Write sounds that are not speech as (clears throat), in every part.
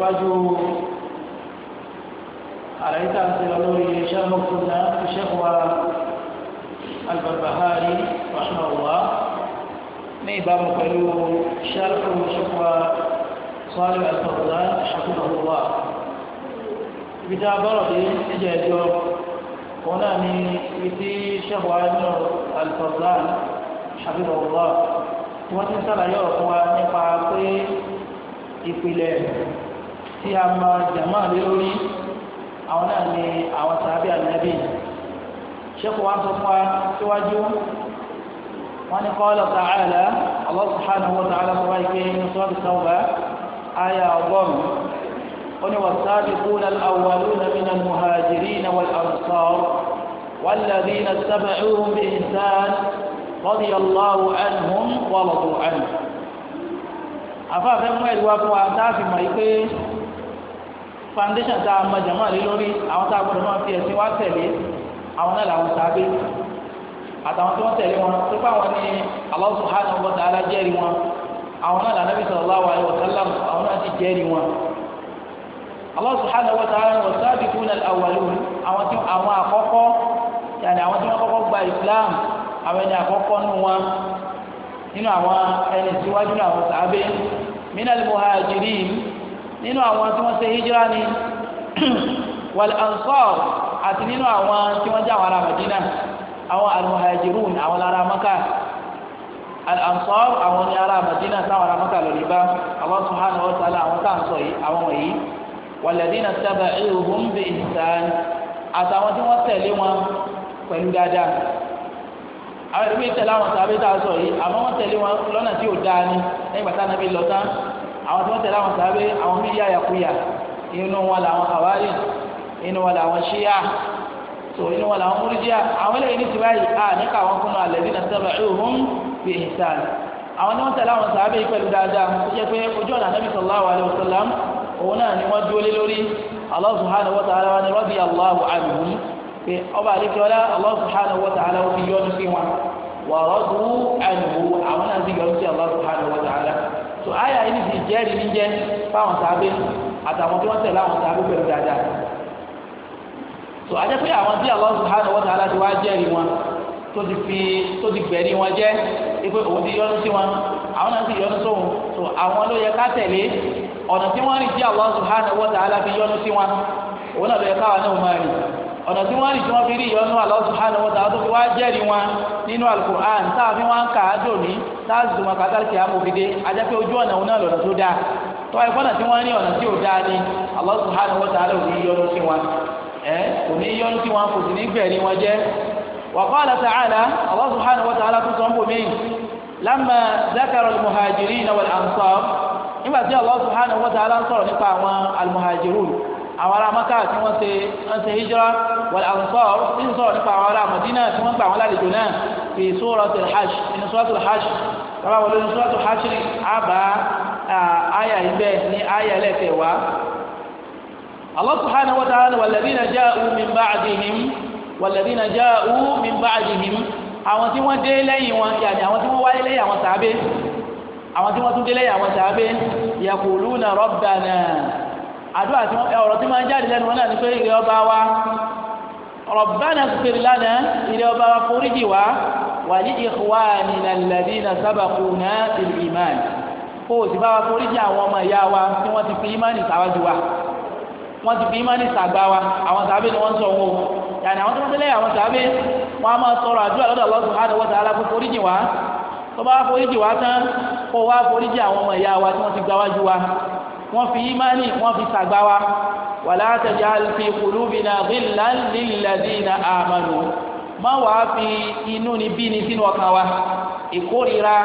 tẹ̀síwájú àlàyé tá a ti lọ lórí iṣẹ́ mọ́kúnná iṣẹ́ wa albarbahari rahmanullah ní ìbámu pẹ̀lú ṣáàlùkù ṣùkwa sọ́ọ́lù àtọ̀gbọ́n ṣàkóso ibi tá a bọ̀rọ̀ dé níjà ẹjọ́ wọn náà ní ibi tí ṣẹ́kù ayélujára alifọ̀dán ṣàfihàn ọ̀gbọ́n wọ́n ti ń sàlàyé ọ̀rọ̀ wa nípa pé ìpìlẹ̀ tí a ma jama lé lórí àwọn náà ni àwọn sàbí ànábì sẹ́kù wa sọ fún wa síwájú wọ́n ní qala ta'ala Allah subhanahu wa ta'ala sọ wáyé pé ní sọ́ọ́dù sáwùbá ayé ọgọ́rùn wọ́n ní was-sabiquna al-awwaluna mina al-muhajirina wal-ansar wal-ladhina ittaba'uhum bi-ihsan radiyallahu anhum wa radu anhum. àfáàfẹ́ mú ẹ̀rí wá fún wa táàfin mọ̀ yìí foundation tá a mọ jàmọ́ àlè lórí àwọn tá a gbọ́dọ̀ máa fi ẹ̀sìn wá tẹ̀lé àwọn náà làwọn sábẹ́ àtàwọn tí wọ́n tẹ̀lé wọn tó bá wọn ní Allah subhanahu wa ta'ala jẹ́rìí wọn àwọn náà lànà sallallahu alaihi wa sallam àwọn náà ti jẹ́rìí wọn. Allah subhanahu wa ta'ala wa sabiquna al-awwalun àwọn tí àwọn àkọ́kọ́ yàní àwọn tí wọ́n kọ́kọ́ gba Islam àwọn ẹni àkọ́kọ́ nù nínú àwọn tí wọ́n ṣe hijira ni (clears throat) wal ansar àti nínú àwọn tí wọ́n jẹ́ àwọn ará madina àwọn almuhajirun àwọn ará maka al ansar àwọn ní ará madina táwọn ará maka lọ níbà Allah subhanahu wa ta'ala àwọn tá à ń sọ yìí àwọn wọ̀nyí walladhina taba'uhum bi ihsan àtàwọn tí wọ́n tẹ̀lé wọn pẹ̀lú dáadáa àwọn ìlú mi àwọn tàbí tá a sọ yìí àmọ́ wọ́n tẹ̀lé wọn lọ́nà tí ò dáa ni lẹ́yìn bàtà nàbí lọ́tàn àwọn tí wọ́n tẹ̀lé àwọn sàábé àwọn mí yá yàkúyà inú wọn làwọn àwárí inú wọn làwọn ṣíyà tó inú wọn làwọn múrìjíà àwọn eléyìí ní tìbáyì a níka àwọn kúnnú alẹ́bí náà sábà ìhùn bí ìsàn àwọn tí wọ́n tẹ̀lé àwọn sàábé pẹ̀lú dáadáa ó jẹ́ pé ojú ọ̀nà anábì sallallahu alaihi wasallam òun náà ni wọ́n dúró lé lórí Allah subhanahu wa ta'ala ni radiyallahu anhum pé ọba àdékẹ́wọ́lá Allah subhanahu wa ta'ala ó fi yọ́nu sí wọn wa radu anhu àwọn náà sì yọ́nu sí Allah subhanahu wa ta'ala tó àyà yìí nìsí ìjẹ́rìí ní jẹ́ fáwọn sábẹ́ àtàwọn tí wọ́n tẹ̀lé àwọn sábẹ́ pẹ̀lú dáadáa tó a jẹ́ pé àwọn tí Allah subhanahu wa ta'ala ti wá jẹ́rìí wọn tó ti fi tó ti gbẹ̀rí wọn jẹ́ ipe òun ti yọ́nú sí wọn àwọn náà ti yọ́nú sóhun tó àwọn ló yẹ ká tẹ̀lé ọ̀nà tí wọ́n rìn tí Allah subhanahu wa ta'ala fi yọ́nú sí wọn òun náà ló yẹ káwọn náà máa rìn ọ̀nà tí wọ́n rí tí wọ́n fi rí ìyọ́nú Allah subhanahu wa ta'ala tó fi wá jẹ́rìí wọn nínú alukur'an táàfin wọn kà á dòní táàzù wọn kàtà kì á mòfìdé ajẹ́pẹ́ ojú ọ̀nà òun náà lọ́nà tó dáa tó wáyé fọ́nà tí wọ́n rí ọ̀nà tí ò dáa ni Allah subhanahu wa ta'ala ò ní yọ́nú sí wọn ẹ kò ní yọ́nú sí wọn kò sì ní gbẹ̀rí wọn jẹ́ wa àwọn ará maka tí wọ́n ṣe wọ́n ṣe hijira wal ansar tí ń sọ̀rọ̀ nípa àwọn ará madina tí wọ́n gbà wọ́n lálejò náà fi suratul hajj inú suratul hajj bàbá wọlé inú suratul hajj ni àbá àyà ibẹ̀ ní àyà ẹlẹ́kẹ̀ wá. Allah subhanahu wa ta'ala walladhina ja'u min ba'dihim walladhina ja'u àdúrà tí ọ̀rọ̀ tí máa ń jáde lẹ́nu wọn náà ni pé ìrẹ́ ọba wa Rabbana ighfir lana ìrẹ́ ọba wa foríjì wa wa li ikhwanina alladhina sabaquna bil iman kó o sì bá wa foríjì àwọn ọmọ ìyá wa tí wọ́n ti fi ìmánì ṣáwájú wa wọ́n ti fi ìmánì ṣàgbà wa àwọn sàbẹ̀ ni wọ́n ń sọ wọn o yàrá àwọn tó ń tẹ́lẹ̀ àwọn sàbẹ̀ wọ́n á máa sọ̀rọ̀ àdúrà lọ́dọ̀ Allah wọ́n fi ìmánì wọ́n fi sàgbá wa wàlá tajal fi qulubina ghillan lil ladina amanu má wàá fi inú ni bí ni sínú ọkàn wa ìkórira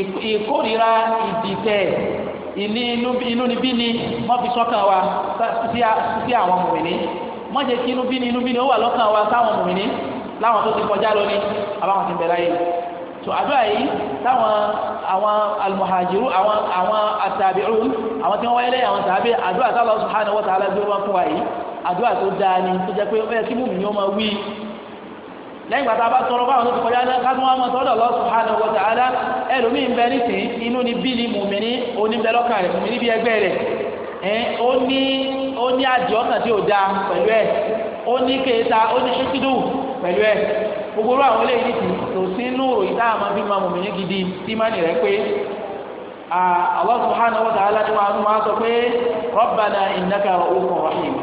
ìkórira ìdìtẹ̀ ìní inú ni bí ni má fi sọ́kàn wa sí àwọn mùmìnì má jẹ́ kí inú bí ni inú bí ni ó wà lọ́kàn wa sáwọn mùmìnì láwọn tó ti kọjá lónìí àbáwọn ti bẹ̀rẹ̀ ayé tó àdúrà yìí táwọn àwọn almuhajiru àwọn àwọn atabi'un àwọn tí wọ́n wáyé lẹ́yìn àwọn tàbí àdúrà tí Allah subhanahu wa ta'ala gbé wọn fún wa yìí àdúrà tó dáa ni tó jẹ́ pé ó yẹ kí mùmí ni ó máa wí lẹ́yìn ìgbà tá a bá tọrọ fáwọn tó ti kọjá náà ká tó wọn máa tọrọ Allah subhanahu wa ta'ala ẹlòmíín bẹ nísìn inú ni bí ni mùmí ni oníbẹ̀lọ́kàn rẹ̀ mùmí rẹ̀ ó gbogbo ru àwọn eléyìí ti tò sínú ròyìn táwọn máa fi máa mọ̀mí ní gidi tí má nì rẹ pé Allah subhanahu wa ta'ala ni wàá máa sọ pé rabbana innaka ra'ufun rahim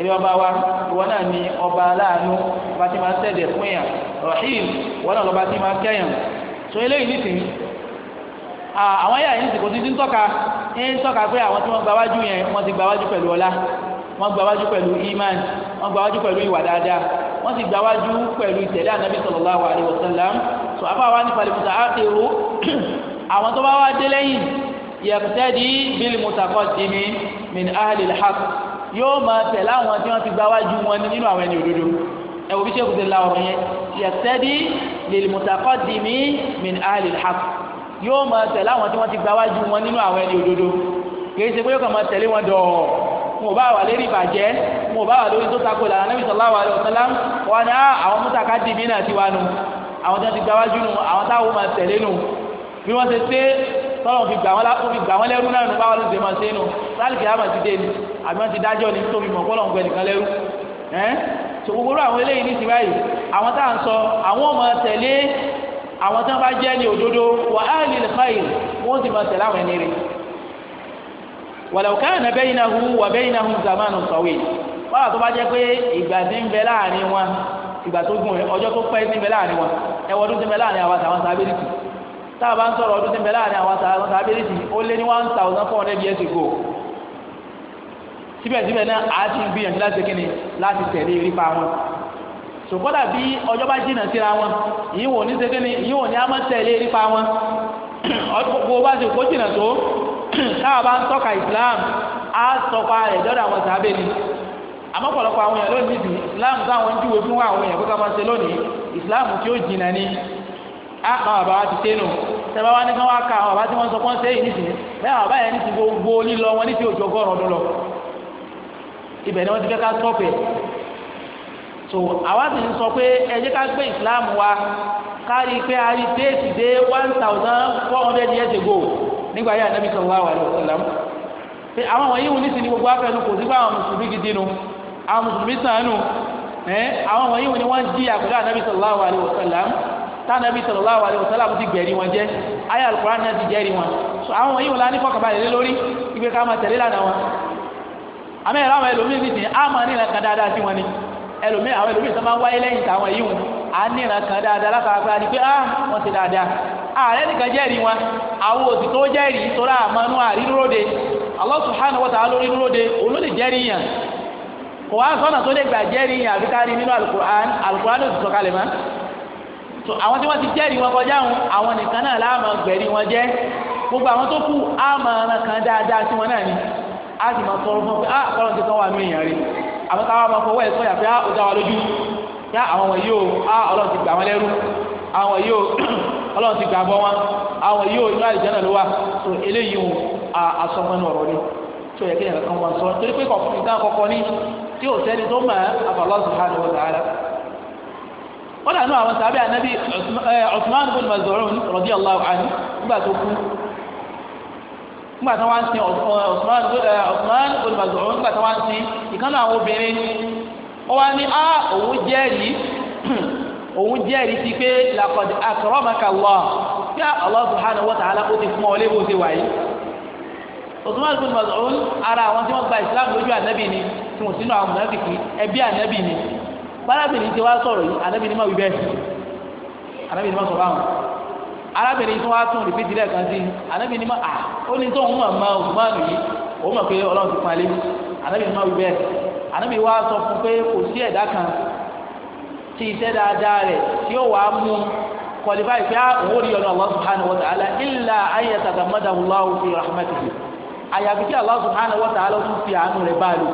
ilé ọba wa ìwọ náà ni ọba aláàánú ọba tí máa ń tẹ̀lé fún yàn rahim ìwọ náà lọ́ba tí máa ń kẹ́yàn so eléyìí ní tìǹ àwọn yàrá yìí kò títí ń tọ́ka ń tọ́ka pé àwọn tí wọ́n gba wájú yẹn wọ́n ti gba wájú pẹ̀lú ọlá wọ́n gba wájú pẹ̀lú iman wọ́n gba wájú pẹ̀lú ìwà dáadáa wọ́n sì gbáwájú pẹ̀lú ìtẹ̀lé ànábì sallallahu alaihi wasallam sọ afá wa ní falẹ̀kùtà ákèrò àwọn tó bá wá dé lẹ́yìn yaqtadi bil mutaqaddimi min ahli al-haqq yóò máa tẹ̀lé àwọn tí wọ́n ti gbáwájú wọn nínú àwọn ẹni òdodo ẹ bí sẹ́kù ti la ọ̀rọ̀ yẹn yaqtadi lil mutaqaddimi min ahli al-haqq yóò máa tẹ̀lé àwọn tí wọ́n ti gbáwájú wọn nínú àwọn ẹni òdodo kì í ṣe pé yóò kàn máa tẹ̀lé wọn dọ̀ọ̀ wọn ò bá wà lérí ìbàjẹ́ wọn ò bá wà lórí tó takò ìlànà Nabi sallallahu alaihi wasallam wọn ni ah, àwọn mútàkà dì mí náà ti wá nu àwọn tí wọn ti gba wájú nu àwọn táwọn máa tẹ̀lé nu bí wọ́n ti ṣe tọ́lọ̀ fi gbà wọ́n lẹ́rú náà nu báwọn ló ṣe máa ṣe nu sálìkì àmà ti dé ni àbí wọ́n ti dájọ́ ni tóbi mọ̀ kọ́lọ̀ ń gbẹ nìkan lẹ́rú ẹ́ sòkòkòrò àwọn eléyìí ní ti báyìí àwọn tá à ń sọ àwọn ọmọ tẹ̀lé àwọn tí wọ́n bá jẹ́ ní òdodo wa ahli al-khair wọ́n ti máa tẹ̀lé àwọn ẹni rẹ̀ walau kana bainahu wa bainahum zamanun tawil wàhálà tó bá jẹ́ pé ìgbà ń bẹ láàrin wọn ìgbà tó gùn ọjọ́ tó pẹ́ ń bẹ láàrin wọn ọdún ń bẹ láàrin àwọn àtàwọn sábẹ́rìtì tá a bá ń sọ̀rọ̀ ọdún tí ń bẹ láàrin àwọn àtàwọn sábẹ́rìtì ó lé ní one thousand four hundred years ago síbẹ̀síbẹ̀ náà a ti ń gbìyànjú láti láti tẹ̀lé wọn sòkòdà ọjọ́ bá jìnnà ní yìí wò ní (clears throat) táwa bá ń tọ́ka islam á sọpa rẹ̀ dọ́dọ̀ àwọn sàábẹ́ ni àmọ́ pọ̀lọpọ̀ àwọn èèyàn lónìí bí islam táwọn ń júwe fún àwọn èèyàn kókà máa ṣe lónìí islam tí ó jìnnà ni á máa bàbá wa ti ṣe nù tẹ́lẹ̀ wá ní kí wọ́n ká àwọn bàbá tí wọ́n sọ pọ́n sẹ́yìn nísìnyí bẹ́ẹ̀ àwọn bàbá yẹn ní ti gbogbo lílọ wọn ní ti òjò ọgọ́rùn-ún ọdún lọ ibẹ̀ ni wọ́n ti fẹ́ ká sọ́ọ̀pẹ̀ so àwa sì ń sọ pé ẹ ká gbé islam wa kárí pé a rí déètì dé one thousand four hundred years ago nígbà yà nàbí sallallahu alaihi wasallam pé àwọn wọ̀nyí wù nísìnyí gbogbo afẹnu kò sí fún àwọn mùsùlùmí gidi nu àwọn mùsùlùmí sànù ẹ àwọn wọ̀nyí wù ni wọ́n jí àkùdá nàbí sallallahu alaihi wasallam tá nàbí sallallahu alaihi wasallam ti gbẹ̀rí wọn jẹ́ ayé alukóra náà ti jẹ́rìí wọn so àwọn wọ̀nyí wù lánìí fọkàbalẹ̀ lé lórí ibi ká máa tẹ̀lé lánàá wọn àmì ẹ̀rọ àwọn ẹlòmíì ti sìn àmọ́ nílẹ̀ kan dáadáa sí wọn ni ẹlòmíì àwọn ẹlòmíì tó máa ń wáyé lẹ́yìn táwọn yìí wọn á nílẹ̀ kan dáadáa látara pé a ní pé ah wọ́n ti dáadáa ààrẹ nìkan jẹ́rìí wọn àwọn òsì tó jẹ́rìí sọ́ra àmọ́nú àrírúròde Allah subhanahu wa ta'ala lórí rúròde òun ló lè jẹ́rìí yàn kò wá sọ́nà tó lè gbà jẹ́rìí yàn àbí kárí nínú alukur'an alukur'an ló ti sọ kalẹ̀ mọ́ so àwọn tí wọ́n ti jẹ́rìí wọn kọjá wọn àwọn nìkan náà láàmà gbẹ̀rí wọn jẹ́ gbogbo àwọn tó kù àmà ọ̀nà kan dáadáa sí wọn náà ni a sì máa tọrọ fún ọ pé ah kọ́lọ́n ti kọ́ wa mí ìyàrí àwọn táwọn máa fọwọ́ ẹ̀ sọ́yà ah, àwọn wọ̀nyí o ah, àwọn wọ̀nyí o (clears throat) ọlọ́run ti gbàgbọ́ wọn àwọn yóò inú àlìjáná ló wà tó eléyìí wọn asọ́mọ́nù ọ̀rọ̀ ni tó yẹ kí ẹ̀ka wọn sọ torí pé kọ̀ọ̀kan ìdáhùn kọ̀ọ̀kan ní tí ò sẹ́ni tó mọ̀ Allah subhanahu wa ta'ala wọ́n dànù àwọn sábẹ́ anabi Uthman bin Maz'un radiyallahu anhu nígbà tó kú nígbà tó wá ń sin Uthman bin Maz'un nígbà tó ń sin ìkànnì àwọn obìnrin ó wá ní á òun jẹ́rìí òun jẹ́rìí sí pé laqad akramaka kí wa ta'ala ó ti fún ọ lébò ṣe wáyé Usman bin Mas'ud ara àwọn tí wọ́n gba Islam lójú ànábì ni tí wọ́n sínú àwọn ẹbí ànábì ni bárábìnrin ti wá sọ̀rọ̀ yìí ànábì ni má ànábì ni má àwọn arábìnrin tí wọ́n sí ànábì ni má ó ní tóun mọ̀ mọ́ yìí òun mọ̀ pé Ọlọ́run ti ànábì ni bẹ́ẹ̀ ànábì sọ ti iṣẹ́ dáadáa rẹ̀ tí ó wàá mú kọlífà ìfẹ́ òwò rí ọ̀nà Allah subhanahu wa ta'ala illa an yatagamadahu Allahu fi rahmatihi àyàfi tí Allah subhanahu wa ta'ala tún fi àánú rẹ̀ bá lò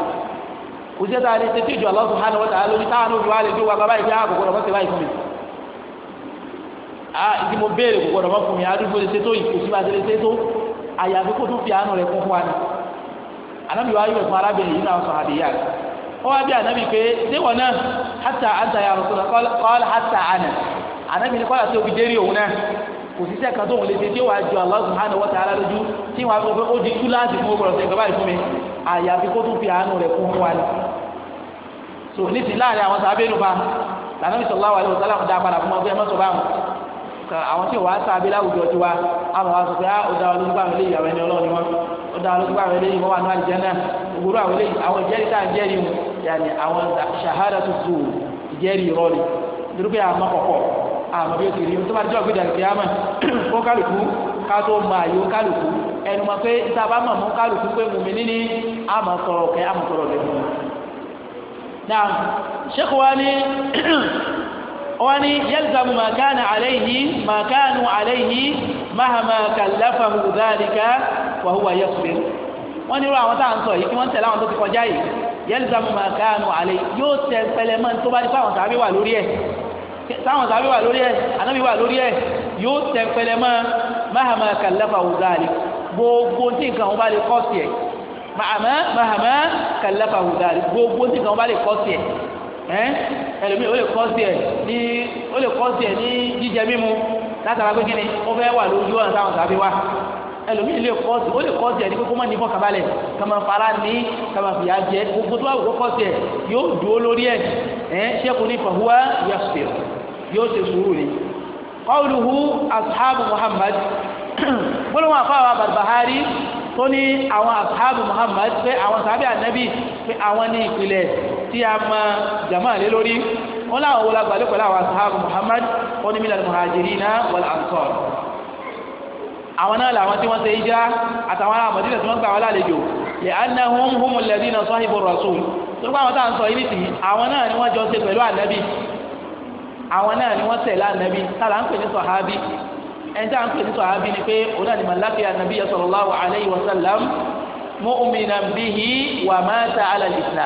kò sí ẹ̀ta àdéhùn tètè ju Allah subhanahu wa ta'ala lórí táwọn olùwà lè gbé wa bàbá ìfẹ́ àkókò rẹ̀ mọ́tẹ́ báyìí fún mi. a ah, ìdí mo béèrè kókò rẹ̀ fún mi àdúgbò lè ṣètò yìí kò sí bá ṣe tó àyàfi kó tún fi àánú rẹ̀ kún fún wa ni wọ́n wá bí ànábì pé déwọ̀n náà hàtà àǹtà ya Rasulullah kọ́lá hàtà àná ànábì ní kọ́lá tí o fi dérí òun náà kò sí sẹ́ka tó ń lè ṣe tí ó wàá ju Allah subhanahu wa ta'ala lójú tí wọ́n á sọ pé ó di túláàsì fún ọgbọ̀rọ̀ sẹ́ka báyìí fún mi àyàfi kó tún fi àánú rẹ̀ kún fún wa ni. so nísìnyí láàrin àwọn sábẹ́nu bá lànà sallallahu alaihi wasallam dá padà fún ọgbẹ́ mọ́tò báwọn kan àwọn tí ò wá sábẹ láwùjọ ti wa àwọn wa sọ pé ah, ó dá olójú bá àwọn eléyìí àwọn ẹni ọlọ́run ni wọn ó dá olójú bá àwọn eléyìí wọn wà ní àlùjánnà òwúrọ àwọn eléyìí àwọn ìjẹ́rìí tá à ń jẹ́rìí mu yàní àwọn ṣàhádà tuntun ìjẹ́rìí irọ́ ni nítorí pé àmọ́ kọ̀kọ̀ àmọ́ bí ó ti rí tó bá jẹ́ ọ̀gbìn dàgbé àmọ́ kó kálukú ká tó mọ àyè ó kálukú ẹnu mọ̀ pé ìtàbá mọ̀ mú kálukú pé mùmí níní àmọ́ sọ̀rọ̀ kẹ́ àmọ́ sọ̀rọ̀ lẹ́nu. náà ṣé kò wá ní wọ́n ní yẹ́lìsàmù màkánà àlẹ́yìí màkánù àlẹ́yìí máhàmà kàlàfàmù dáríkà wàhùwà yẹ́kùnrin wọ́n ní irú àwọn tá à ń sọ yìí kí wọ́n tẹ̀lé àwọn tó ti kọjá yìí yẹ́lìsàmù màkánù àlẹ́yìí yóò tẹ pẹlẹmọ́ tó bá ní fáwọn tàbí wà lórí ẹ̀ táwọn tàbí wà lórí ẹ̀ ànábì wà lórí ẹ̀ yóò tẹ pẹlẹmọ́ máhàmà kàlàfàmù dáríkà gbogbo tí nǹkan wọn bá lè kọ́ sí ẹ̀ máhàmà kàlàfàmù dáríkà gbogbo tí nǹkan wọn bá lè kọ́ sí ẹ o ó lè kọ́ sí ẹ ní ó lè kọ́ sí ẹ ní jíjẹ mímu látara pé kíni ó fẹ́ wà lójú ọ̀nà táwọn sábẹ́ wa ẹlòmíì lè kọ́ sí ó lè kọ́ sí ẹ ní kókó mọ́ ní fọkàbalẹ̀ kàmá fara ní kàmá fìyà jẹ gbogbo tó wà wò kọ́ sí ẹ yóò dúró lórí ẹ ẹ sẹ́kù ní fàhùwà yasir yóò ṣe sùúrù ni. qawluhu ashabu muhammad gbólóhùn àfáwà barbahari tó ní àwọn ashabu muhammad pé àwọn sábẹ́ ànábì pé àwọn ní tí a mọ jama lé lórí wọn láwọn wọlé agbálẹ̀ pẹ̀lú àwọn asahabu muhammad wọn ni mílíọ̀nù muhajirina wal ansar àwọn náà làwọn tí wọ́n ṣe hijira àtàwọn ará àmọ̀dínà tí wọ́n gbà wọn lálejò lè annahum humul ladina sahibu rasul tó gbà wọn tá à ń sọ yìí nìsí àwọn náà ni wọ́n jọ ṣe pẹ̀lú ànábì àwọn náà ni wọ́n tẹ̀lé ànábì tààlà ń pè ní sọ̀hábì ẹnjẹ à ń pè ní sọ̀hábì ni pé òun náà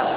ni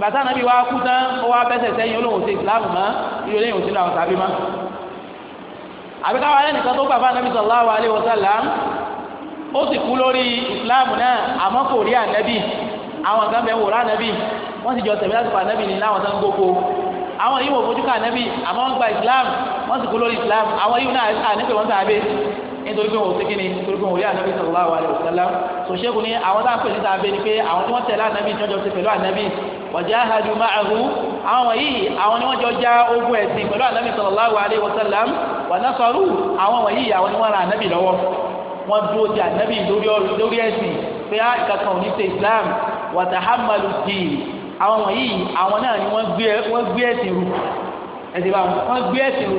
bàtà nàbí wa kú tán ó wá bẹ́sẹ̀ sẹ́yìn olóhùn sí islam mọ́ ìrọ̀lẹ́ ìhùn sínú àwọn sàbí mọ́. àbíkáwá ẹnìkan tó gbàgbọ́ nàbí sallallahu alaihi wasallam ó sì kú lórí islam náà àmọ́ kò rí ànábì àwọn kan bẹ̀ wòrán ànábì wọ́n sì jọ tẹ̀mí láti pa ànábì ní láwọn tán gbogbo àwọn yìí wò fojú ká ànábì àmọ́ wọ́n gba islam wọ́n sì kú lórí islam àwọn yìí náà àníkè wọ́n sàbẹ̀ nítorí pé wọn ò sékè ni nítorí pé wọn ò rí ànábì sallallahu alaihi wasallam tó ṣẹ́gun ní àwọn tá a pè ní tàbí ni pé àwọn tí wọ́n tẹ̀lé ànábì tí wọ́n jọ ṣe pẹ̀lú ànábì wa jahadu ma'ahu àwọn wọ̀nyí àwọn ni wọ́n jọ já ogun ẹ̀sìn pẹ̀lú ànábì sallallahu alaihi wasallam wa nasaru àwọn wọ̀nyí àwọn ni wọ́n ran ànábì lọ́wọ́ wọ́n dúró ti ànábì lórí ẹ̀sìn pé á kankan ò ṣe Islam wa tahammalu dìí àwọn wọ̀nyí àwọn náà ni wọ́n gbé ẹ̀sìn rù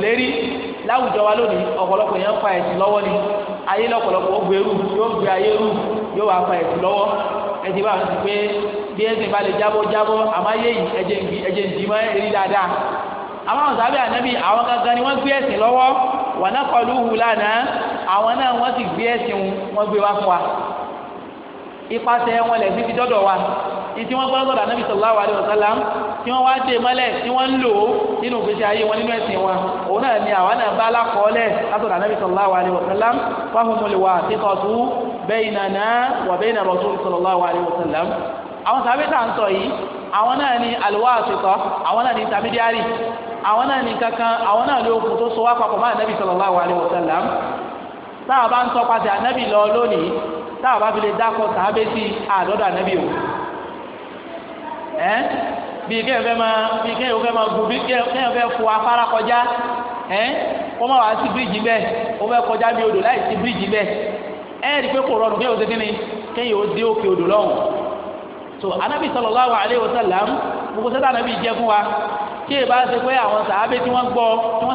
láwùjọ wa lónìí ọ̀pọ̀lọpọ̀ yẹn ń fa ẹ̀sìn lọ́wọ́ ni ayé lọ́pọ̀lọpọ̀ ó gbèrú yóò gbé ayé rú yóò wá fa ẹ̀sìn lọ́wọ́ ẹ̀sìn bá ti pé bí ẹ̀sìn bá lè jábọ́ jábọ́ àmọ́ ayé yìí ẹ̀jẹ̀ ń ẹ̀jẹ̀ ń mọ́ eré dáadáa àwọn sábẹ́ ànábì àwọn ni wọ́n gbé ẹ̀sìn lọ́wọ́ kọlu lánàá àwọn náà ìtí wọ́n gbọ́dọ̀ dà nàbì sallallahu alaihi wasallam tí wọ́n wá dé mọ́lẹ̀ tí wọ́n ń lò ó nínú ìgbésí ayé wọn nínú ẹ̀sìn wọn òun náà ni àwọn náà bá alákọ̀ọ́lẹ̀ látọ̀dà nàbì sallallahu alaihi wasallam fahumul wathiqatu baynana wa bayna rasul sallallahu alaihi wasallam àwọn sàbẹ̀ tá à ń sọ yìí àwọn náà ni al-wasita àwọn náà ni intermediary àwọn náà ni kankan àwọn náà ló kù tó bá fi lè dákọ̀ sàbẹ̀ sí àdọ́dọ̀ ànábì o ẹ bíi kéèyàn fẹ́ máa bíi kéèyàn fẹ́ máa gùn bíi kéèyàn fẹ́ fò afárá kọjá ẹ kó má wàá o bíríìjì bẹ́ẹ̀ ó fẹ́ kọjá bí odò láì sí bíríìjì bẹ́ẹ̀ ẹ rí i pé kò o kéèyàn ó ṣe kí so anabi sallallahu alayhi wa sallam gbogbo sẹ́tà anabi jẹ́ fún wa kí ẹ bá ṣe pé àwọn sàábé tí wọ́n tí sì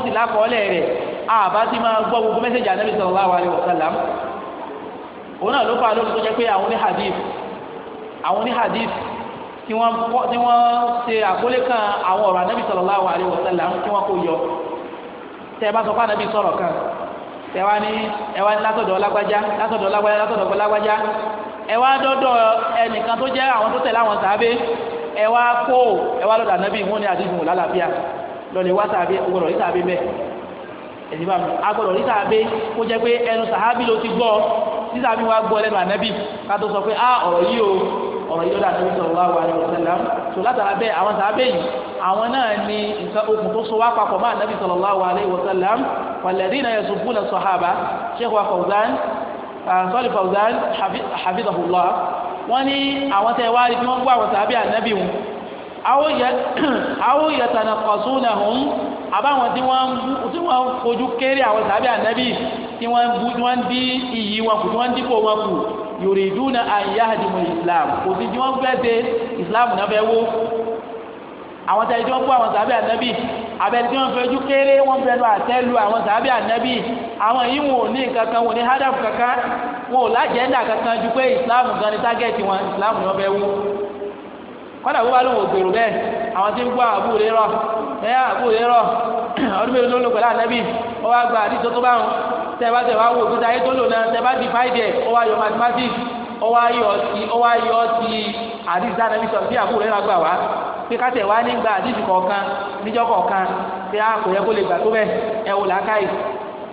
ti gbogbo anabi òun náà ló fà tó pé àwọn ní hadith àwọn tí wọ́n tí wọ́n ṣe àkólé kan àwọn ọ̀rọ̀ anábì sallallahu alaihi wasallam tí wọ́n kò yọ tẹ́ ẹ bá sọ fún anábì sọ̀rọ̀ kan tẹ́ wá ní ẹ wá ní látọ̀dọ̀ lágbájá látọ̀dọ̀ lágbájá látọ̀dọ̀ lágbájá ẹ wá dọ́dọ̀ ẹnìkan tó jẹ́ àwọn tó tẹ̀lé àwọn sàábé ẹ wá kó ẹ wá lọ́dọ̀ anábì wọn ní àdéhùn lálàáfíà lọ́lẹ̀ wá sàábé ọgbọ̀dọ̀ rí sàábé bẹ́ẹ̀ ẹ̀sìn bá mi agbọ̀dọ̀ rí sàábé kó jẹ́ pé ẹnu sàábé ló ti gbọ́ sísàbí wa gbọ́ lẹ́nu ànábì ká tó sọ pé á ah, ọ̀rọ̀ yìí o ọ̀rọ̀ yìí lọ́dọ̀ àti sallallahu alaihi wasallam tó látara bẹ́ẹ̀ àwọn sàbẹ̀ yìí àwọn náà ní nǹkan okùn tó so wá papọ̀ mọ́ ànábì sallallahu alaihi wasallam walladhina yasubbuna sahaba sheikh wa Fawzan sọ́ọ̀lì Fawzan hafizahullah wọ́n ní àwọn tẹ́ wá rí bí wọ́n gbọ́ àwọn sàbẹ̀ ànábì wọn awo (clears throat) yatana kọsuna hun àbáwọn tí wọ́n tí wọ́n fojú yuriduna an yahdimu islam kò tí ṣe islam náà fẹ́ wó àwọn tẹ̀lé tí wọ́n kó àwọn sàbẹ̀ ànábì tí kéré àtẹ́lu àwọn sàbẹ̀ ànábì àwọn yìí wọn ní kankan wọn ní kankan wọn lájẹ́ndà kankan islam gan ni wọn islam náà fẹ́ wó kọ́dà bó bá lóun bẹ́ẹ̀ àwọn tí ń gbọ́ ọdún ló lò tẹ́ẹ̀bá tẹ́ẹ̀bá wo òkúta ayé tó lò náà tẹ́ẹ̀bá divide ẹ̀ ó wá yọ mathematics ó wá yọ ti ó wá yọ ti àdìsí anabi sọ sí àbúrò rẹ̀ lágbà wá pé ká wá nígbà àdìsí kọ̀ọ̀kan níjọ́ kọ̀ọ̀kan pé a kò yẹ kó lè gbà tó bẹ́ẹ̀ ẹ wò làákàyè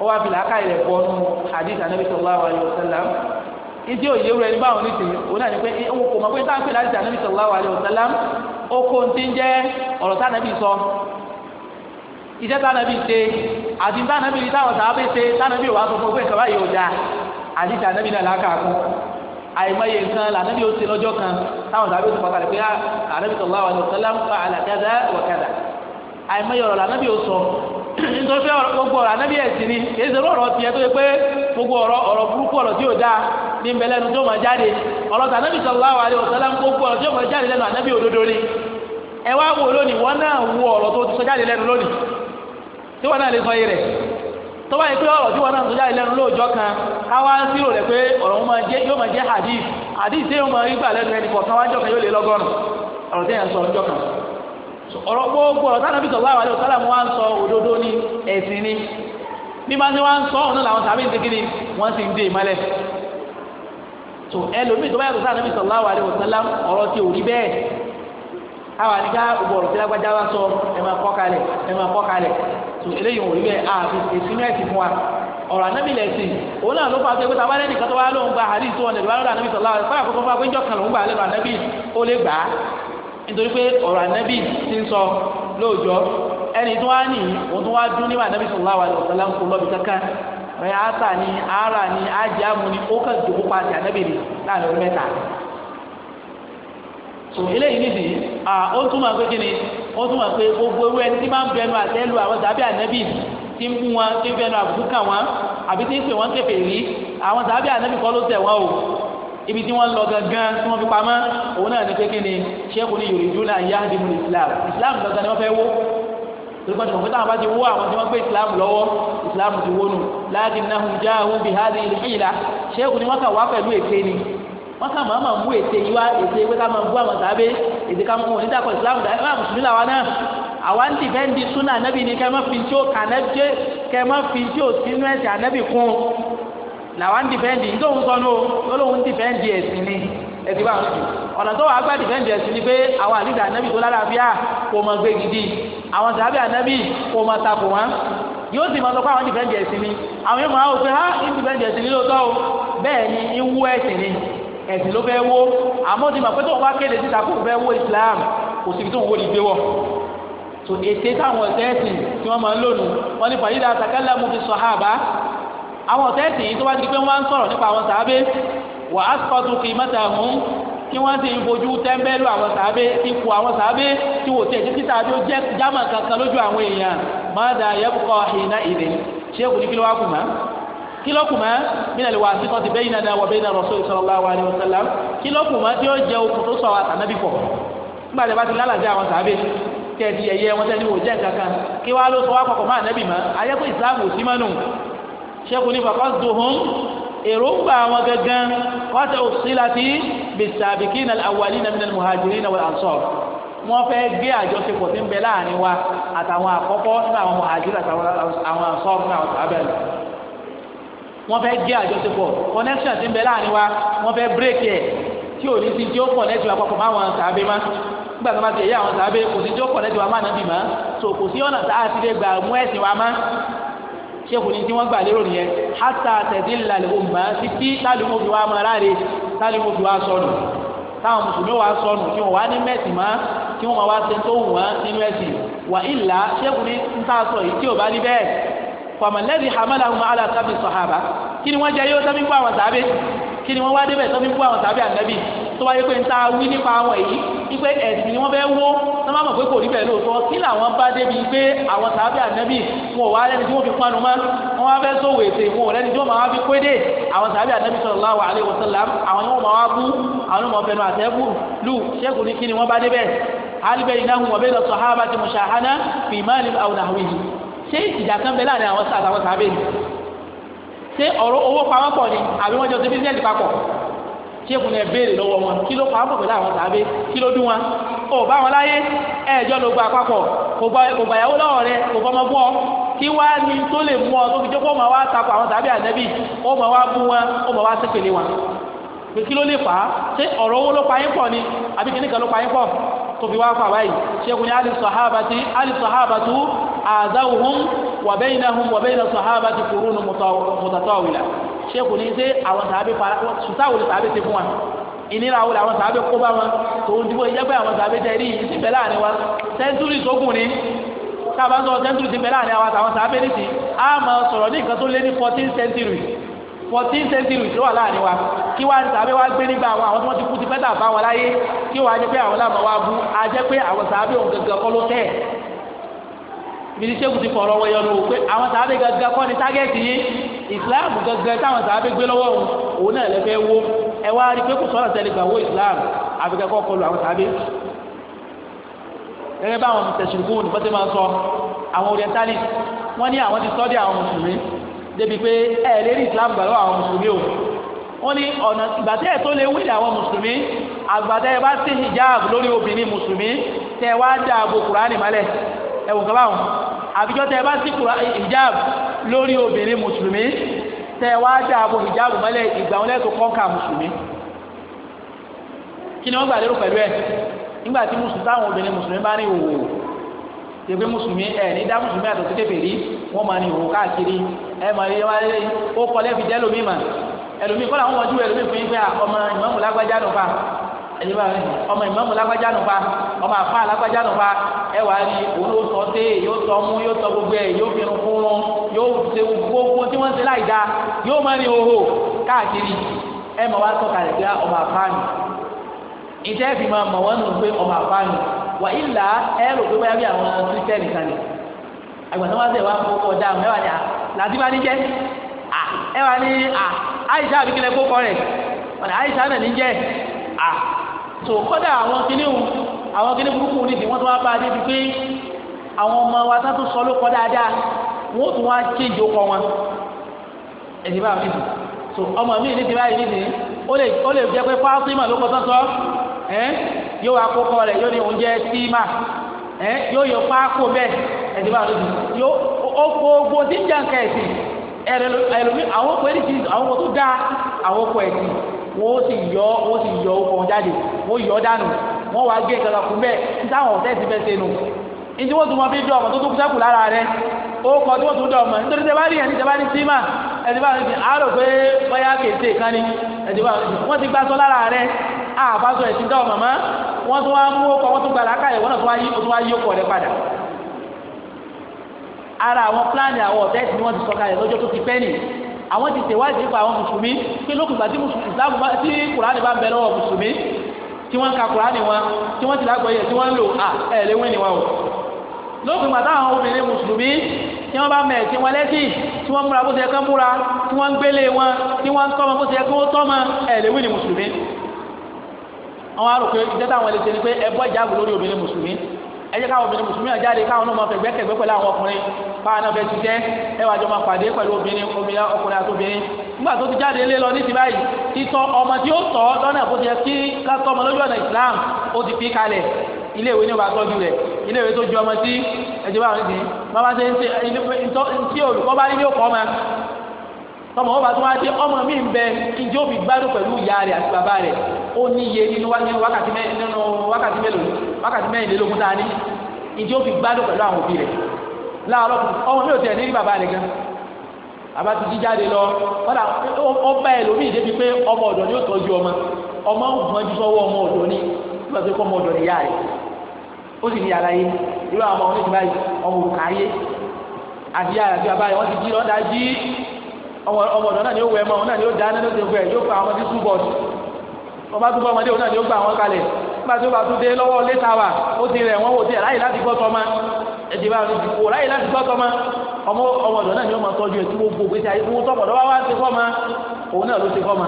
ó wá fi làákàyè rẹ̀ bọ́ nù àdìsí anabi sallallahu alaihi wasallam ìdí òye rẹ̀ ní báwọn oníṣẹ́ náà ni pé òun kò mọ̀ pé táwọn pè láti àdìsí anabi sallallahu alaihi wasallam ó kó ń ti ń jẹ́ ọ̀rọ̀ iṣẹ́ tánàbí ṣe àti tánàbí ní táwọn sàábé ṣe tánàbí wàá sọ fún pé kàbá yìí ò dáa àti tánàbí náà lákàkún àìmọye nǹkan lànàbí ó ṣe lọ́jọ́ kan táwọn sàábé ṣe pàtàkì pé ànàbí sọ̀rọ̀ àwọn ọ̀sẹ̀lá ń fa àlàkádà wọ̀kádà àìmọye ọ̀rọ̀ lànàbí ó sọ (clears throat) nítorí pé gbogbo ọ̀rọ̀ ànàbí ẹ̀sìn ni èyí ṣe lọ́rọ̀ tiẹ̀ tó yẹ pé gbogbo ọ̀rọ̀ ẹ wá wò lónìí wọn náà wọ ọ̀rọ̀ tó ti sọ jáde lẹ́nu lónìí tí wọn náà lè sọ yìí rẹ̀ tó bá yẹ pé ọ̀rọ̀ tí wọn náà tó jáde lẹ́nu lóòjọ́ kan á wá ń sírò rẹ̀ pé ọ̀rọ̀ wọn yóò máa jẹ́ hadith hadith tí yóò máa rí gbà lẹ́nu ẹnì kọ̀ọ̀kan wájọ́ kan yóò lé lọ́gọ́rùn ọ̀rọ̀ tí yẹn sọ ọjọ́ kan ọ̀rọ̀ gbogbo ọ̀rọ̀ tánàbí sọ̀rọ̀ àwọn àlẹ́ ọ̀sálàmù wa ń sọ òdodo ní ẹ̀sìn ni bí máa ń wá ń sọ ọ̀nà làwọn tàbí ń ti kiri wọ́n sì ń dé ìmọ́lẹ̀ tó ẹlòmíì tó bá yàtọ̀ sáà nàbí sallallahu alaihi wasallam ọ̀rọ̀ tí ò rí bẹ́ẹ̀ àwọn àníká gbogbo ọ̀rọ̀ tí lágbájá wá sọ ẹ máa kọ́ kalẹ̀ ẹ máa kọ́ kalẹ̀ tó eléyìí wò wípé àfi ìsinú ẹ̀sìn fún wa ọ̀rọ̀ anábì lẹ́sìn òun náà ló fà ṣe pé tàbá lẹ́nu ìkàtọ́ wa lóun gba àdìsí wọn lẹ́nu lọ́dọ̀ anábì sọ̀lá ọ̀rẹ́ fáwọn àkókò fún wa pé ń jọ́kan lòun gbà lẹ́nu anábì ó lè gbà á nítorí pé ọ̀rọ̀ anábì ti ń sọ lóòjọ́ ẹni tó wá nì òun tó wá dún níwà anábì sọ̀lá wa lọ́wọ́ sọ̀lá ń kó lọ́bi kankan rẹ̀ áta ni ara ni ájá mu ni ó kàn dùn kópa àti anábì ni láàrin mẹ́ta so eléyìí nídìí à ó túmọ̀ pé kí ni ó túmọ̀ pé gbogbo ewé ẹni tí máa ń bẹnu àtẹ́lu àwọn tàbí ànẹ́bì tí ń kú wọn tí ń bẹnu àbùkù kàn wọn àbí tí ń pè wọ́n kẹfẹ́ rí àwọn tàbí ànẹ́bì kọ́ ló tẹ̀ wọ́n o ibi tí wọ́n lọ gangan tí wọ́n fi pamọ́ òun náà ní pé kí ni sẹ́kù ní yorùbá náà yá di mu islam islam gangan ni wọ́n fẹ́ wó tolukọ tí wọn fẹta wọn bá ti wó àwọn tí wọn gbé islam lọ́wọ́ islam ti wó nu láàdì náà ń já àwọn bìhádìí ìlú ìlà sẹ́kù ni wọ́n kà wá pẹ̀lú èké ni wọn kà máa máa mú ète yìí wá ète pé ká máa bú àwọn sábẹ́ ète ká mú onídàkọ ìsìlámù dá ẹgbẹ́ àmùsùnmí làwa náà àwa ń dìbẹ́ǹdì súnà ànábì ni kẹ́ ẹ má fi tí ó kà kẹ́ ẹ má fi tí ó sínú ẹ̀sìn ànábì kún làwa ń dìbẹ́ǹdì ní tóun sọ náà ó lóun dìbẹ́ǹdì ẹ̀sìn ni ẹ̀sìn bá wọn jù ọ̀nà tó wàá gbà dìbẹ́ǹdì ẹ̀sìn ni pé àwọn àlejò ànábì tó lálàáfíà kò mọ gbé gidi àwọn sábẹ́ ànábì kò mọ takò wọn yóò sì máa sọ pé àwọn dìbẹ́ǹdì ẹ̀sìn ni àwọn yóò máa wò pé ẹ̀sìn ló fẹ́ wó àmọ́ ti mọ̀ pé tóun bá kéde síta kó fẹ́ wó Islam kò síbi tóun wó ni gbé wọ̀ tó ète táwọn ọ̀tẹ́ẹ̀sì tí wọ́n máa ń lónu wọ́n ní fàyídà àtàkálà mú fi sàhábà àwọn ọ̀tẹ́ẹ̀sì yìí tó bá di pé wọ́n ń sọ̀rọ̀ nípa àwọn sàábé wà á sọ̀tún kì í mọ́ta mú kí wọ́n ti fojú tẹ́ḿbẹ́lú àwọn sàábé ipò àwọn sàábé tí wò tẹ̀ títí tàbí ó jẹ́ jámà kankan lójú àwọn èèyàn má dà yẹ́bùkọ́ ìná ìdè ṣé kò ní kí ló wá kù mọ́ kílọ́kùnmá mílẹ̀ wà síkọ́ ti bẹ́yìn náà wà bẹ́yìn náà rọ̀ṣọ́ sallallahu alaihi wasallam kílọ́kùnmá tí ó jẹ́ okùn tó sọ àtànábì pọ̀ nígbà tí a bá ti lálàjẹ́ àwọn sàábẹ̀ tẹ̀ di ẹ̀yẹ wọn tẹ́ ní wò jẹ́ kankan kí wàá ló sọ wá pọ̀pọ̀ má ànábì má ayẹ́kọ̀ ìsìlámù ò sí mọ́nù ṣẹ́kù ní faqasduhum èròǹgbà àwọn gangan wọ́n tẹ òṣìláti bis-sabiqina al-awwalina min al-muhajirina wal-ansar wọ́n fẹ́ gbé àjọṣepọ̀ tí ń bẹ láàrin wa àtàwọn àkọ́kọ́ nínú àwọn muhajirin àtàwọn ansar nínú àwọn sàábẹ̀ lọ wọ́n fẹ́ gé àjọṣepọ̀ connection ti ń bẹ láàrin wa wọ́n fẹ́ break ẹ̀ tí ò ní sí tí ó connect wa papọ̀ máwọn sàbẹ̀ má nígbà tó bá ti yẹ àwọn sàbẹ̀ kò sí tí ó connect wa máa nàbì má so kò sí ọ̀nà tá a ti lè gbà mú ẹ̀sìn wa má ṣéèkù ni tí wọ́n gbà lérò nìyẹn hátà tẹ̀sí làlùkò mọ́ títí lálùkò fi wá mọ́ láre lálùkò fi wá sọnù táwọn mùsùlùmí wa sọnù tí wọ́n wá ní mẹ́sì má tí wọ́n wá ṣe wù wọ́n nínú ẹ̀sìn wà fàmàlẹ́dì hamalahum ala sábì sọ̀hábà kí ni wọ́n jẹ yóò sábì fún àwọn sábì kí ni wọ́n wá débẹ̀ sábì fún àwọn sábì ànábì tó wáyé pé ń ta wí nípa àwọn èyí wípé ẹ̀sìn ni wọ́n fẹ́ wó sọ́mọ́ àmọ̀ pé kò rí bẹ́ẹ̀ lóòótọ́ kí làwọn bá débi pé àwọn sábì ànábì wọn ò wá lẹ́ni tí wọ́n fi panu mọ́ wọ́n wá fẹ́ sòwò èsè wọn ò lẹ́ni tí wọ́n fi kéde àwọn sábì ànábì sallallahu alaihi wasallam àwọn ṣé ìjà kan bẹ láàrin àwọn sàtàwọn sàbẹ̀ ọ̀rọ̀ owó pamọ́ pọ̀ àbí wọ́n jọ papọ̀ ṣé lọ́wọ́ wọn kí ló pamọ́ àwọn sàbẹ̀ kí ló dún wọn bá wọn láyé lọ́wọ́ rẹ kò fọmọ kí wá ní tó lè mú ọ tó fi wọn kí ló pa yín pọ̀ ni àbí kìnnìkan ló pa yín pọ̀ tó fi àdáwòhún wàbẹ́yìnàhún wàbẹ́yìnà sọ̀hábà ti kúrú ní mọ̀tàtọ́wìlà ṣéèkù ní ṣe àwọn sàábé fara sùtáwò ní sàábé ti fún wa ìnira wò làwọn sàábé kó bá wọn tòun dìbò ìjẹ́pẹ́ àwọn sàábé jẹ́ rí ìsìn bẹ́ẹ̀ láàrin wa sẹ́ńtúrì tó gùn ni káàbá sọ sẹ́ńtúrì ti láàrin wa àtàwọn sàábé ní ti á máa sọ̀rọ̀ ní nǹkan tó lé ní fourteen century fourteen century ló wà láàrin wa kí wá sàábé wá gbé nígbà àwọn àwọn tí wọ́n ti kú ti pẹ́tà bá wọn láyé kí wọ́n á jẹ́ pé àwọn làmọ́ wá bú á jẹ́ pé àwọn sàábé òun gẹ́gẹ́ kọ́ ló tẹ̀ ibi tí sẹ́kù ti fọ̀rọ̀ wọ yọnu pé àwọn sàábẹ̀ gẹ́gẹ́ kọ́ ni tágẹ́ẹ̀tì yín ìsìláàmù gẹ́gẹ́ táwọn sàábẹ̀ gbé lọ́wọ́ òun òun náà lè fẹ́ wó ẹ wá rí pé kò sọ́nà tẹ́lẹ̀ gbà wó ìsìláàmù àfikẹ́kọ́ kọlu àwọn sàábẹ̀ gẹ́gẹ́ bá àwọn tẹ̀sùnkú ní pẹ́tẹ́ máa sọ àwọn orientalist wọ́n ní àwọn ti sọ́dí àwọn mùsùlùmí débi pé ẹ̀ lérí islam gbà lọ́wọ́ àwọn mùsùlùmí o wọ́n ní ọ̀nà ìgbà tẹ́ ẹ̀ tó lè wílì àwọn mùsùlùmí àgbà hijab lórí obìnrin mùsùlùmí tẹ́ ẹ wá dá àbò kùránì mọ́lẹ̀ ẹ̀wùn kan báwọn àbíjọ́ tẹ́ ẹ bá sí hijab lórí obìnrin mùsùlùmí tẹ́ ẹ wá dá abo hijab mọ́lẹ̀ ìgbà wọn lẹ́tọ̀ọ́ kọ́ńkà mùsùlùmí kí ni wọ́n gbà lérò pẹ̀lú ẹ̀ nígbà tí mùsùlùmí táwọn obìnrin mùsùlùmí bá ní òwò tẹ̀gbẹ́ mùsùlùmí ẹ̀ ní dá mùsùlùmí àtọ̀ tó tẹ̀fẹ̀ rí wọ́n máa ní òwò káàkiri ẹ̀ máa ní wọ́n lé ó kọ́ lẹ́bi jẹ́ lómi mà ẹlòmíì kọ́ làwọn wọ́n ju ẹlòmíì fún yín pé ọmọ ìmọ̀ọ́mù ẹ̀yẹ́ bá ọmọ ìmọ̀mù lágbájá nù fa ọmọ àfa lágbájá nù fa ẹ wàá rí òun ló sọ dé yóò sọ mú yóò sọ gbogbo ẹ yóò fi irun fún wọn yóò ṣe gbogbo tí wọ́n ṣe láì dáa yóò má rí òhò káàkiri ẹ mọ̀ wá sọ̀kà rẹ̀ pé ọmọ àfa nù ìtẹ́ fi máa mọ̀ wọ́n nù pé ọmọ àfa nù wà ìlà ẹ rò pé báyà bí àwọn kírísítẹ́nì kan ni àgbàdo wá sẹ̀ wá fọwọ́ dáhùn ẹ wà ní à làdìbá ní jẹ́ à ẹ à àyíṣà àbíkílẹ̀ kó kọ́ rẹ̀ wà náà ní jẹ́ à tó kọ́dà àwọn kìnìún àwọn kìnìún burúkú ní ti wọ́n tó wá bá a débi pé àwọn ọmọ wa tá tó sọ ló kọ́ dáadáa wọ́n tún wá kéjì ó kọ́ wọn ẹ̀sìn bá mi tó ọmọ mi ní ti báyìí ní ti ó lè jẹ́ pé Fátímà ló kọ́ sọ́sọ́ ẹ́ yóò wá kókó rẹ̀ yóò ní oúnjẹ símà ẹ́ yóò yọ pákó bẹ́ẹ̀ ẹ̀sìn bá mi tó yóò ó gbogbo tí ń jà ń kẹ́ ẹ̀sìn ẹ̀rẹ̀ àwọn ọkọ̀ ẹ̀sìn àwọn ọkọ̀ wọ́n sì yọ wọ́n sì yọ okùn jáde wọ́n yọ dànù wọ́n wá gé kankan bẹ́ẹ̀ níta àwọn fẹ́ nù ìdí wọ́n tún mọ bí dọ̀ ọmọ tó lára rẹ ó kọ tí wọ́n tún dọ̀ ọmọ nítorí tẹ bá rí ẹni tẹ ni ẹni bá rí wọ́n ti sọ lára rẹ ẹ̀sìn ọmọ mọ́ wọ́n tún wá mú ọkọ̀ wọ́n tún gbà àwọn ti ṣèwádìí nípa àwọn mùsùlùmí pé lókùngbà tí ìsìlámù bá tí kùránì bá ń bẹ lọ́wọ́ mùsùlùmí tí wọ́n ń ka kùránì wọn tí wọ́n ti lágbọ́ yẹ tí wọ́n ń lò à ẹ̀ léwé ni wọn o lókùngbà táwọn obìnrin mùsùlùmí tí wọ́n bá mẹ̀ tí wọ́n lẹ́sìn tí wọ́n múra bó ṣe yẹ kán múra tí wọ́n ń gbélé wọn tí wọ́n ń tọ́mọ bó ṣe yẹ kó tọ́mọ ẹ̀ léwé ni mùsùlùmí àwọn arò pé ìjẹ́ta àwọn ẹlẹ́sẹ̀ ni pé ẹ bọ́ ìjáàbù lórí obìnrin mùsùlùmí ẹ jẹ́ káwọn obìnrin mùsùlùmí àjáde káwọn náà máa fẹ́ gbẹ́kẹ̀gbẹ́ pẹ̀lú àwọn ọkùnrin káwọn náà fẹ́ ṣiṣẹ́ ẹ wàá jọ máa pàdé pẹ̀lú obìnrin obìnrin ọkùnrin àti obìnrin nígbà tó ti jáde lé lọ ní ti báyìí títọ́ ọmọ tí ó tọ́ lọ́nà bó ti yẹ kí kátọ́ ọmọ lójú ọ̀nà Islam ó ti fi kalẹ̀ ilé ìwé ní o bá tọ́jú rẹ̀ ilé ìwé tó ju ọmọ tí ẹ̀jẹ̀ bá wọn ti bá ṣe ń ṣe tí olùkọ́ bá rí ní òkọ́ ọmọ tọmọ ọba bá tó wá dé ọmọ mi ń bẹ ìjọ mi gbádùn pẹ̀lú ìyá àti bàbá ó ní iye nínú wákàtí wákàtí a ní ìjọ mi gbádùn pẹ̀lú àwọn òbí rẹ̀ láàárọ̀ ọmọ mi ò ní bàbá gan bàbá ti jí jáde lọ ó bá pé ọmọ ni ó tọ́jú ọmọ ọmọ ògùn ju sọ́wọ́ ọmọ ọ̀dọ̀ ni ọmọ ọ̀dọ̀ níyà rẹ̀ ó sì ní yàrá yé irú àwọn ọmọ báyìí ọmọ ọmọ ọ̀dọ́ náà ni ó wẹ̀ mọ́ náà ni ó dáná ló ti wẹ̀ yóò gba àwọn tí túbọ̀dù ọba túbọ̀ ọmọdé òun náà ni ó gba àwọn kalẹ̀ nígbà tí ó bá tún dé lọ́wọ́ létawà ó ti rẹ̀ wọ́n wò ti ráyè láti gbọ́ tọ́mọ ẹ̀dì bá rí kò ráyè láti gbọ́ tọ́mọ ọmọ ọ̀dọ́ náà ni ó máa tọ́jú ẹ̀ tí gbogbo gbèsè àyè fún tọ́mọ̀dọ́ wa wá ti fọ́ ma òun náà ló ti fọ́ ma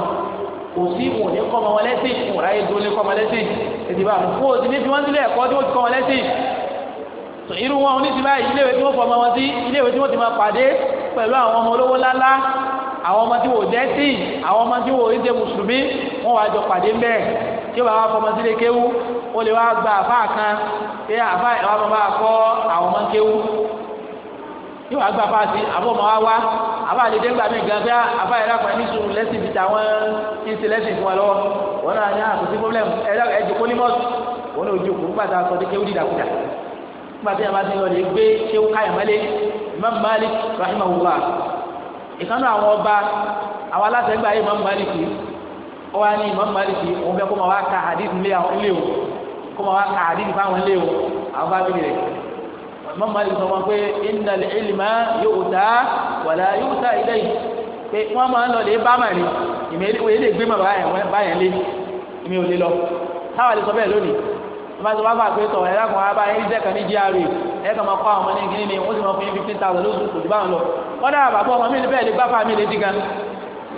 kò sí wọn ní kọ́ ma wọn lẹ́sìn wọn ráyè dúró ní kọ́ ọmọ lẹ́sìn ẹ̀dì bá rí kó o ti ní fi wọ́n sílẹ̀ ẹ̀kọ́ tí wọ́n ti kọ́ wọn lẹ́sìn irú wọn oníṣìí báyìí iléèwé tí wọ́n fọ ọmọ wọn sí iléèwé tí wọ́n ti máa pàdé pẹ̀lú àwọn ọmọ olówó ńláńlá àwọn ọmọ tí wò dẹ́sìn àwọn ọmọ tí wò ìdè mùsùlùmí wọn wà jọ pàdé ń bẹ́ẹ̀ tí ó bá wá fọmọ sílé kéwú ó lè wá gba àfa kan pé àfa ìwà máa bá kọ́ àwọn ọmọ kéwú yóò wá gba àfa sí àbọ̀ ọmọ wa wá àfa àdédé gbà mí gan pé àfa ìlà kan ní sùúrù lẹ́sìn bìtà wọn ń ṣe lẹ́sìn fún wa lọ́wọ́ wọn náà ní àkùsí ah, pọ́blẹ́mù ẹ̀jẹ̀ pólímọ́sì wọn náà ojú òkú kéwú dídàkudà ìkànnì àwọn ọba àwọn alátẹ̀gbà yìí Imam Maliki ọwọ́ ní Imam Maliki òun bẹ́ẹ̀ kó máa wá ka hadith ilé àwọn ilé o kó máa wá ka hadith fáwọn ilé o àwọn bá bìrì rẹ̀ Imam Maliki sọ wọn pé innal ilma yu'ta wala yu'ta ilayhi pé wọ́n máa ń lọ lè bá màrí ìmọ̀ èlé gbé màbá yẹn lé ìmọ̀ òlé lọ táwọn àlè sọ bẹ́ẹ̀ lónìí ìbáṣe wá bá àgbẹ̀tọ̀ ẹ̀ lákùn wá bá ẹ̀ ẹ̀ ní GRA ẹ̀ kàn máa kọ́ àwọn ọmọ ní kíní ni wọ́n sì fifteen thousand lóṣù lọ. wọ́n dára bàbá ọmọ mi bẹ́ẹ̀ lè gbá fámi lè dìgan.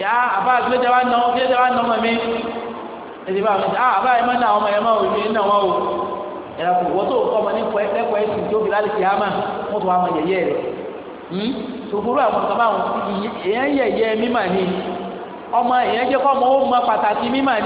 yà á àbá àgbẹ̀tẹ̀ wá nà wá ọmọ mi. ẹ̀sìn bá mi ah, ọmọ máa o. wọ́n tó kọ́ ọmọ kọ́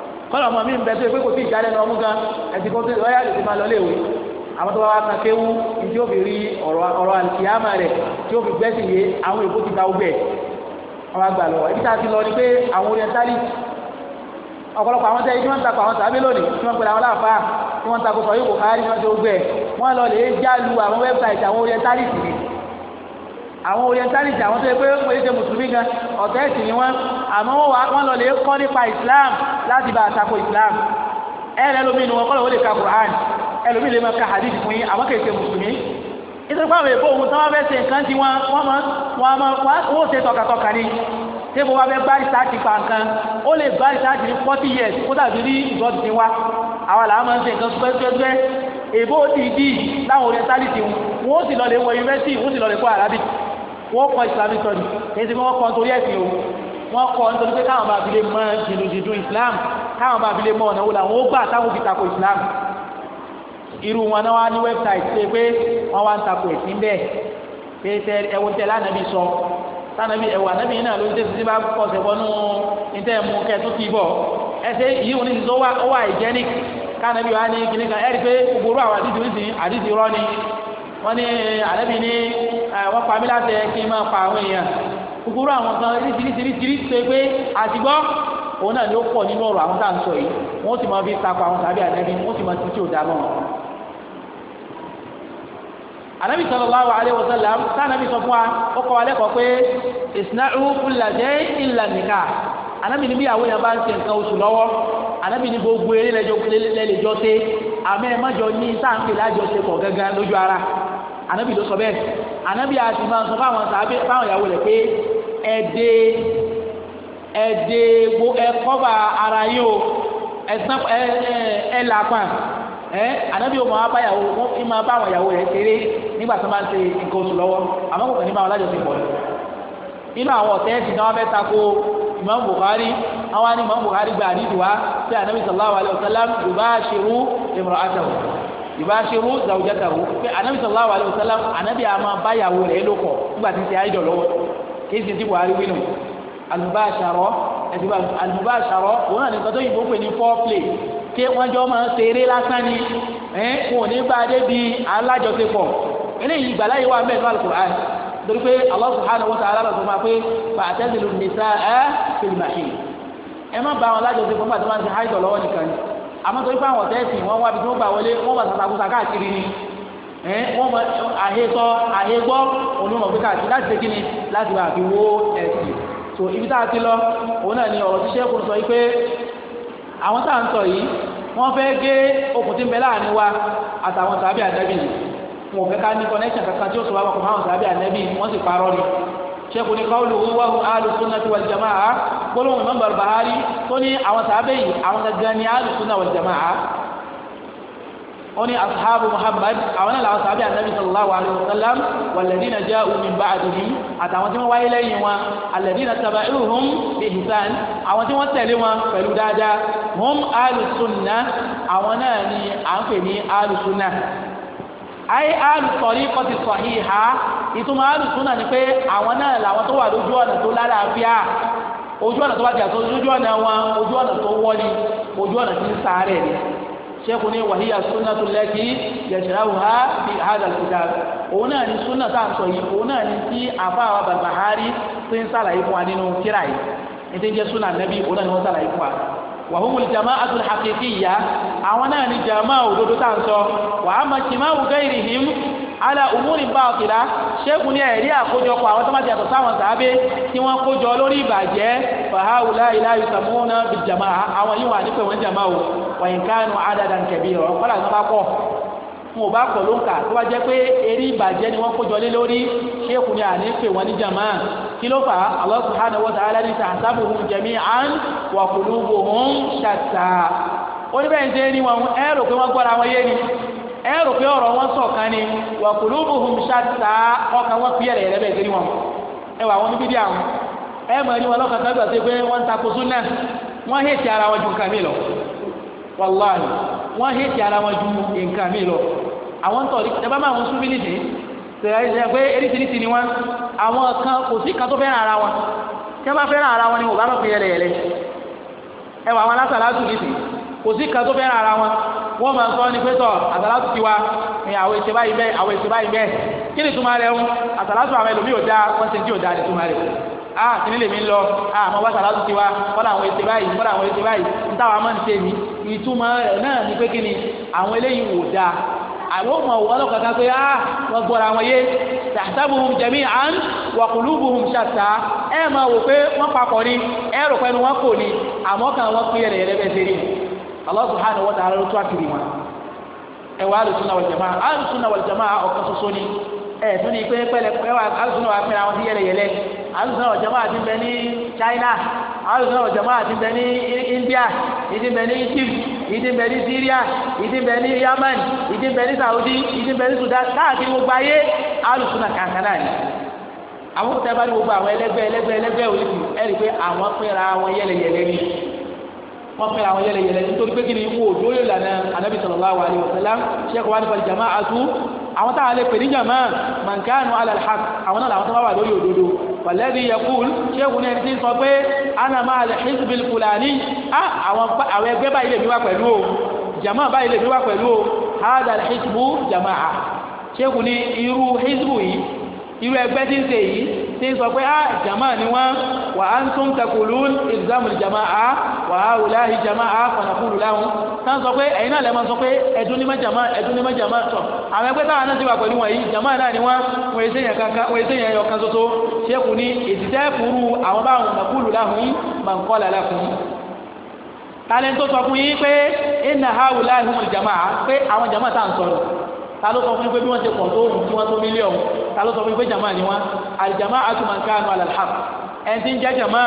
kọ́lọ̀ ọmọ mi ń bẹ tó yẹ pé kò sí ìjálẹ̀ náà mú gan ẹ̀sìn kan tó lọ́yà lè fi máa lọ léwu àwọn tó bá wá kan kéwú tí ó fi rí ọ̀rọ̀ àlùkìyàmà rẹ̀ tí ó fi gbẹ́sìn yé àwọn èkó ti ta ọgbẹ́ àwọn àgbà lọ ibi tá a ti lọ ni pé àwọn orientali ọ̀pọ̀lọpọ̀ àwọn tẹ́ ibi wọ́n ń takọ̀ àwọn tàbí lónìí tí wọ́n ń pẹ̀lú àwọn láàfáà tí wọ́n ń takọ̀ sọ̀rọ̀ yòókù kárí wọ́n ti gbẹ̀ wọ́n lọ lè já lu àwọn wẹ́bsáìtì àwọn orientalist ni àwọn orientalist àwọn tó yẹ pé wọ́n pèsè àmọ́ wọ́n lọ lè kọ́ nípa islam láti bá àtakò islam ẹ̀rẹ́ lómi ni wọ́n kọ́ lọ́wọ́ lè ka quran ẹlòmí lè máa ka hadith fún yín àmọ́ kèké mùsùlùmí nítorí pé àwọn èèbó ohun tí wọ́n fẹ́ ṣe nǹkan tí wọ́n wọ́n máa wọ́n ṣe tọkàtọkà ni ṣé mo wá fẹ́ bá ìsáàtì pa nǹkan ó lè bá ìsáàtì ní forty years kó dàbí rí ìgbọ́dù ti wá àwa làwọn máa ń ṣe nǹkan pẹ́pẹ́pẹ́ èèbó ti dì láwọn orientality wọn ó sì lọ lè wọ yunifásitì wọn ó sì lọ lè kọ́ arabic wọn ó kọ́ islamic study èyí tí wọ́n kọ́ nítorí ẹ̀sìn òun wọ́n kọ́ nítorí pé káwọn bá islam káwọn bá fi ọ̀nà làwọn islam irú wọn náà wá ní wẹ́bsáìtì ṣe pé wọ́n wá ń tako ẹ̀sìn bẹ́ẹ̀ pé tẹ ẹwọ tẹ lánàbí sọ lánàbí ẹwọ ànàbí yìí náà ló ń tẹ̀sí sí bá wọnú níta ẹ̀mú kẹtù ti bọ̀ yìí wọn wà kánàbí wa ní kíní kúkúrú àwọn kan ríṣiríṣiríṣirí ṣe pé àtìgbọ́ òun náà ni ó pọ̀ nínú ọ̀rọ̀ àwọn tá à ń sọ yìí wọ́n sì máa fi takọ àwọn tàbí ànábi wọ́n sì máa ti tí ò dáa mọ́ wọn. ànábi sallallahu alaihi wasallam tánábi sọ fún wa ó kọ́ wa lẹ́kọ̀ọ́ pé isna'u kulla shay'in illa nikah ànábi níbi àwọn èèyàn bá ń ṣe nǹkan oṣù lọ́wọ́ ànábi ní gbogbo eré lẹ́lẹ́jọ́ ṣe àmọ́ ẹ má jọ ní sáà ń pè lájọṣepọ̀ gángan lójú ara anabi ló sọ bẹ́ẹ̀ anabi àti máa sọ fáwọn sàbẹ fáwọn ìyàwó rẹ̀ pé ẹdẹ ẹdẹ wo ẹ ara yín o ẹsán ẹ ẹ ẹ làápọn ẹ anabi ó máa bá ìyàwó wọn kí máa bá àwọn ìyàwó rẹ̀ ṣeré nígbà tó máa ń ṣe nǹkan oṣù lọ́wọ́ àmọ́ kò kàn ní máa wọn lájọṣepọ̀ nínú àwọn ọ̀tẹ́ ẹ̀sìn náà wọ́n fẹ́ tako Imam Bukhari àwọn ni Imam Bukhari gba àdídùá pé anabi sallallahu alayhi wa sallam yubashiru imra'atahu ìbáṣirú zawujatahu pé anabi sallallahu alayhi wa sallam anabi àmà báyàwó rẹ̀ ló kọ̀ nígbà tí ti ayédọ̀ lọ́wọ́ kìí ṣe ti buhari wínú alùbáṣarọ ẹ̀dùbà alùbáṣarọ òun náà ní nǹkan tó yìnbó pè ní foreplay ké wọ́n jọ máa ń ṣeré lásán ni ẹ̀ kò ní bá a dé bi alájọṣepọ̀ eléyìí ìgbàlá yìí wà mẹ́ẹ̀ẹ́dọ́ alukur'an torí pé Allah subhanahu wa ta'ala lọ́sọ̀ máa pé fa'tazilu nisaa fil mahid ẹ má bá wọn lájọṣepọ̀ nígbà tó máa àmọ́ torí pé àwọn ọ̀tẹ́ẹ̀sì wọ́n wá bí wọ́n gbà wọlé wọ́n bá sàtàkùsà káàkiri ni wọ́n mọ àhesọ àhegbọ́ onímọ̀ pé káàkiri láti ṣe kíni láti bá fi wó ẹ̀sìn tó ibi tá a ti lọ òun náà ni ọ̀rọ̀ tí sẹ́kùn sọ yìí pé àwọn tá à ń sọ yìí wọ́n fẹ́ gé okùn tí ń bẹ láàrin wa àtàwọn sàbí ànábì wọn ò fẹ́ ká ní connection kankan tí ó sọ wá wọn kò máa ń sàbí ànábì wọ́n sì parọ́ ni sẹ́kùn ní káwọ́lù wíwá alu sunnati wal jamaa gbólóhùn Imam Barbahari tó ní àwọn sàábẹ́ yìí àwọn gangan ní ahlu sunna wal jamaa ó ní ashabu Muhammad àwọn náà làwọn sàábẹ́ anabi sallallahu alayhi wa sallam walladhina ja'u min ba'dihi àtàwọn tí wọ́n wáyé lẹ́yìn wọn alladhina taba'uhum bi ihsan àwọn tí wọ́n tẹ̀lé wọn pẹ̀lú dáadáa hum ahlu sunna àwọn náà ni à ń pè ní ahlu sunna ayé alùsọ̀rí kọ́tì sọ̀hí ha ìtumọ̀ alùsùnà ni pé àwọn náà làwọn tó wà lójú ọ̀nà tó lálàáfíà ojú ọ̀nà tó bá ti àtọ́ ojú ọ̀nà wọn ojú ọ̀nà tó wọ́lì ojú ọ̀nà tí ń sáré ni sẹ́kù ní wàhíyà súnà tó lẹ́kì yẹ̀sìráwù ha bí àádàlùkúdà òun náà ni súnà tá à ń yìí òun náà ni tí àfáà bàbàhárí tó ń sàlàyé fún wa nínú kíra yìí ní ti súnà nẹ́bí òun náà ni wọ́n sàlàyé fún wa وهم الجماعة الحقيقية أولا جماعة ودودتان سو وأما اجتماع غيرهم ala umuri batila ṣẹ́gun ní ẹ̀rí àkójọpọ̀ àwọn tó má ti yàtọ̀ sáwọn sàábé tí wọ́n kójọ lórí ìbàjẹ́ fàháwùlá ilá yusamuna bil jamaa àwọn yìí wà nípẹ̀ wọn jàmá o wọ̀nyìn kánú adadan kabira ọ̀rọ̀ kọ́lá ní wọ́n bá pọ̀ wọn ò bá pọ̀ ló ń kà tó bá ni wọ́n kójọ lé lórí ṣẹ́kù ní àní pè wọ́n ní jàmá kí ló fà á Allah subhanahu wa ta'ala ni tahsabuhum jami'an wa qulubuhum shatta ó ní bẹ́ẹ̀ ń ṣe é ní wọn ẹ rò pé wọ́n ni ẹrù pé ọ̀rọ̀ wọn sọ̀kan ni wa qulubuhum shatta ọkàn wọn fi yẹ̀rẹ̀ yẹ̀rẹ̀ bẹ́ẹ̀ wọn ẹ wọn níbi díà wọn ẹ mọ̀ wọn lọ́kàn kan gbà sí pé wọ́n takò súnà wọ́n ara wọn ju nǹkan mi lọ wàláhì wọ́n ara wọn ju nǹkan mi lọ àwọn tọ̀ ẹ bá máa sún mí tẹ̀lé pé wọn àwọn kan kò sí kan tó fẹ́ràn ara wọn tí wọ́n bá fẹ́ràn wọ́n máa sọ ní pẹ́tọ̀ àsàlátù ti wa ní àwọn èsè báyìí bẹ́ẹ̀ àwọn èsè báyìí bẹ́ẹ̀ kí ni túmọ̀ rẹ̀ ń àsàlátù àwọn ẹlòmíì ò dáa wọ́n ti di ò dáa ní túmọ̀ rẹ̀ a kì ní lèmi lọ a mọ wá àsàlátù ti wa wọ́n àwọn èsè báyìí wọ́n àwọn èsè báyìí ń táwọn amọ́ ní tèmi ìtumọ̀ rẹ̀ náà ni pé kí ni àwọn eléyìí ò dáa àwọn ọmọ wọlé kankan pé ah wọn gbọ́ra wọn yé tahsabuhum jami'an wa qulubuhum shatta ẹ máa wò pé wọ́n papọ̀ ni ẹ rò pé wọn kò ní àmọ́ kan wọ́n pín yẹrẹyẹrẹ bẹ́ẹ̀ ṣe rí Allah subhanahu wa ta'ala ló tó àkìrì wọn ẹ wà alùsùn jamaa. wàlùjàmá alùsùn náà wàlùjàmá ni Eh tún ní pé pẹlẹ ẹ wà alùsùn náà wà pẹlẹ àwọn sí yẹlẹyẹlẹ alùsùn náà China alùsùn náà jamaa àti bẹ India ìdí Egypt ìdí bẹ ní Syria Yemen ìdí Saudi ìdí Sudan wọ́n fẹ́ àwọn yẹlẹyẹlẹ nítorí pé kí ni wo òdó lè lànà anabi sallallahu alayhi wa sallam sheikh wani fal jama'atu àwọn táwọn lè pè ní jama mankanu ala alhaq àwọn náà làwọn tó bá wà lórí òdodo wàlẹ́bí yakul sheikh ní ẹni tí ń sọ pé ana ma'a alhizbil fulani àwọn ẹgbẹ́ báyìí lè mi wá pẹ̀lú o jama báyìí lè mi wá pẹ̀lú o hada alhizbu jama'a sheikh ní irú hizbu yìí irú ẹgbẹ́ tí ń ṣe yìí tí ń sọ pé ah jama ni wọn wà á ń tún takùlù ìdìzámù jama a wà á wùlá hi jama a fanakulu láwọn tá ń sọ pé ẹ̀yin náà lè sọ pé ẹ̀dún ní ma jama ẹ̀dún ní ma jama tọ̀ àwọn ẹgbẹ́ táwọn náà ti wà pẹ̀lú wọn jama náà ni wọn wọn èsè yẹn kankan wọn èsè yẹn yọkan soso ṣéèkù ní ìdìtẹ́ fúru àwọn báwọn fanakulu láwọn yìí máa ń kọ́ làlá fún yìí tó sọ fún yín pé iná haúlá ìhùn ìjàmá pé àwọn jàmá tá ń sọ̀rọ̀ ta sọ fún yín pé bí wọ́n ti pọ̀ tó ohun tí wọ́n tó mílíọ̀nù ta sọ fún yín pé jàmá ni wọ́n aljama'atu man kanu ala al-haq ẹni tí ń jẹ́ jama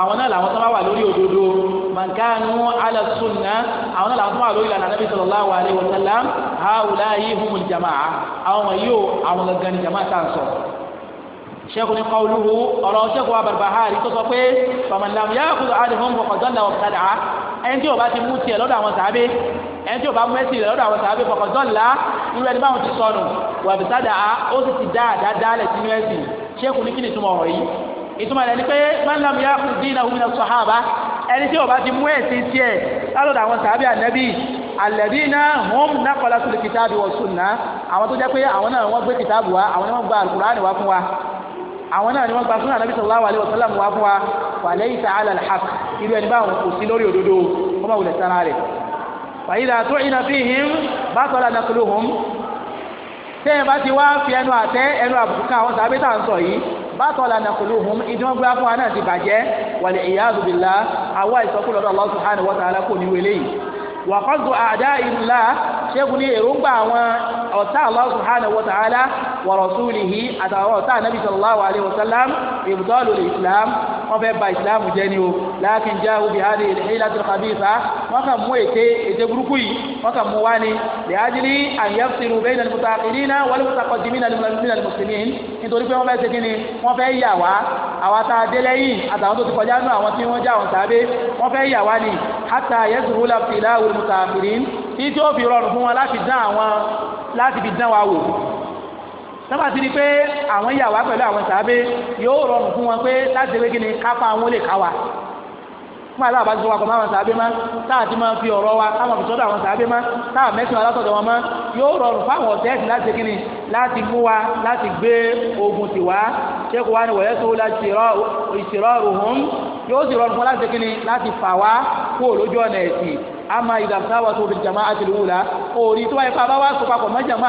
àwọn náà làwọn tó bá wà lórí òdodo man kanu ala sunna àwọn náà làwọn tó wà lórí ìlànà nabi sallallahu alaihi wa sallam haula'i humul jama'a àwọn yóò àwọn gangan ni jama'a tá à ń sọ sẹ́kùn ní kọ́ọ̀lùhù ọ̀rọ̀ sẹ́kùn Barbahari tó sọ pé famanlam yá kó tó adìhun fọkàndọ́là ọ̀kadà ẹni tí o bá ti mú tiẹ̀ lọ́dọ̀ àwọn sàábé ẹni tí o bá mú ẹsìn rẹ̀ lọ́dọ̀ àwọn sàábé fọkàndọ́là irú ẹni báwọn ti sọnù wàbísàdà ó sì ti dáadáa dálẹ̀ sínú ẹ̀sìn ṣéèkù ní kí ni ìtumọ̀ ọ̀rọ̀ yìí ìtumọ̀ rẹ̀ ni pé mọ́nàmù yá kù dín náà wúni sọ̀hábà ẹni tí ó bá ti mú ẹ̀sìn tiẹ̀ lálọ́dọ̀ àwọn sàábì ànábì àlẹ́bí náà hum nàkọ́lá sùlù kìtàbí wọ̀ sùnà àwọn tó jẹ́ pé àwọn náà wọ́n gbé kìtàbù wa àwọn náà wọ́n gba alukur'ani wa fún wa àwọn náà ni wọ́n gba sunan anabi sallallahu alayhi wa wa fún wa wàlẹ́ yìí sàálà alhaq irú ẹni báwọn kò sí tẹ́yìn bá ti wá fi ẹnu àtẹ́ ẹnu àbùkù ká àwọn sàbẹ́ tà ń sọ yìí bàtọ̀ lànà kòló hùm ìdúnwọ́gbé afọ àná ti bàjẹ́ wàlẹ̀ iyadu billah àwa ìsọkúlọ̀ lọ́dọ̀ Allah subhanahu wa ta'ala kò ní wẹlé yìí wà àdá ìlà ṣẹ́gun ní èròǹgbà àwọn ọ̀tá Allah subhanahu wa ta'ala wa rasulihi àtàwọn ọ̀tá anabi sallallahu alayhi Maka kàn mú ète ète burúkú yìí wọ́n kàn mú wá ni lè ájírí àyẹ̀fìrù bẹ́ẹ̀ nàlùmù tààkìrì náà wọlé mùsàkọ̀ jìmí nàlùmù nàlùmù sìmí nítorí pé kini, fẹ́ ṣe ya wa, wọ́n fẹ́ yà wá àwa tá a dé lẹ́yìn àtàwọn tó ti kọjá nù àwọn tí wọ́n já àwọn tàbí wọ́n fẹ́ yà wá ni hátà yẹ́sùrù láfìlà wọlé mùsàkìrì tí tí ó fi rọrùn fún wọn láti dán àwọn láti fi dán wa wò sábà ti di pé àwọn yà wá pẹ̀lú àwọn tàbí yóò rọrùn fún wọn pé láti ṣe pé kí ni kápá àwọn ó ká wa máa tá a bá ti sọ́wọ́ àkọ́mọ́ àwọn sàábé má tá a ti máa fi ọ̀rọ̀ wa táwọn fi sọ́dọ̀ àwọn sàábé má tá a mẹ́sìn wa látọ̀dọ̀ wọn má yóò rọrùn fáwọn ọ̀tẹ́ẹ̀sì láti kí ni láti mú wa láti gbé ogun tì wá ṣéèkù wa ni wọ̀nyẹ́ tó láti ìṣirọ́ òhún yóò sì rọrùn fún láti kí ni láti fà wá kó lójú ọ̀nà ẹ̀sìn ama ìdàgbàsáwà tó fi jama àti lùwùlà òòrì tó wáyé fún abáwá sọ papọ̀ mọ́ jama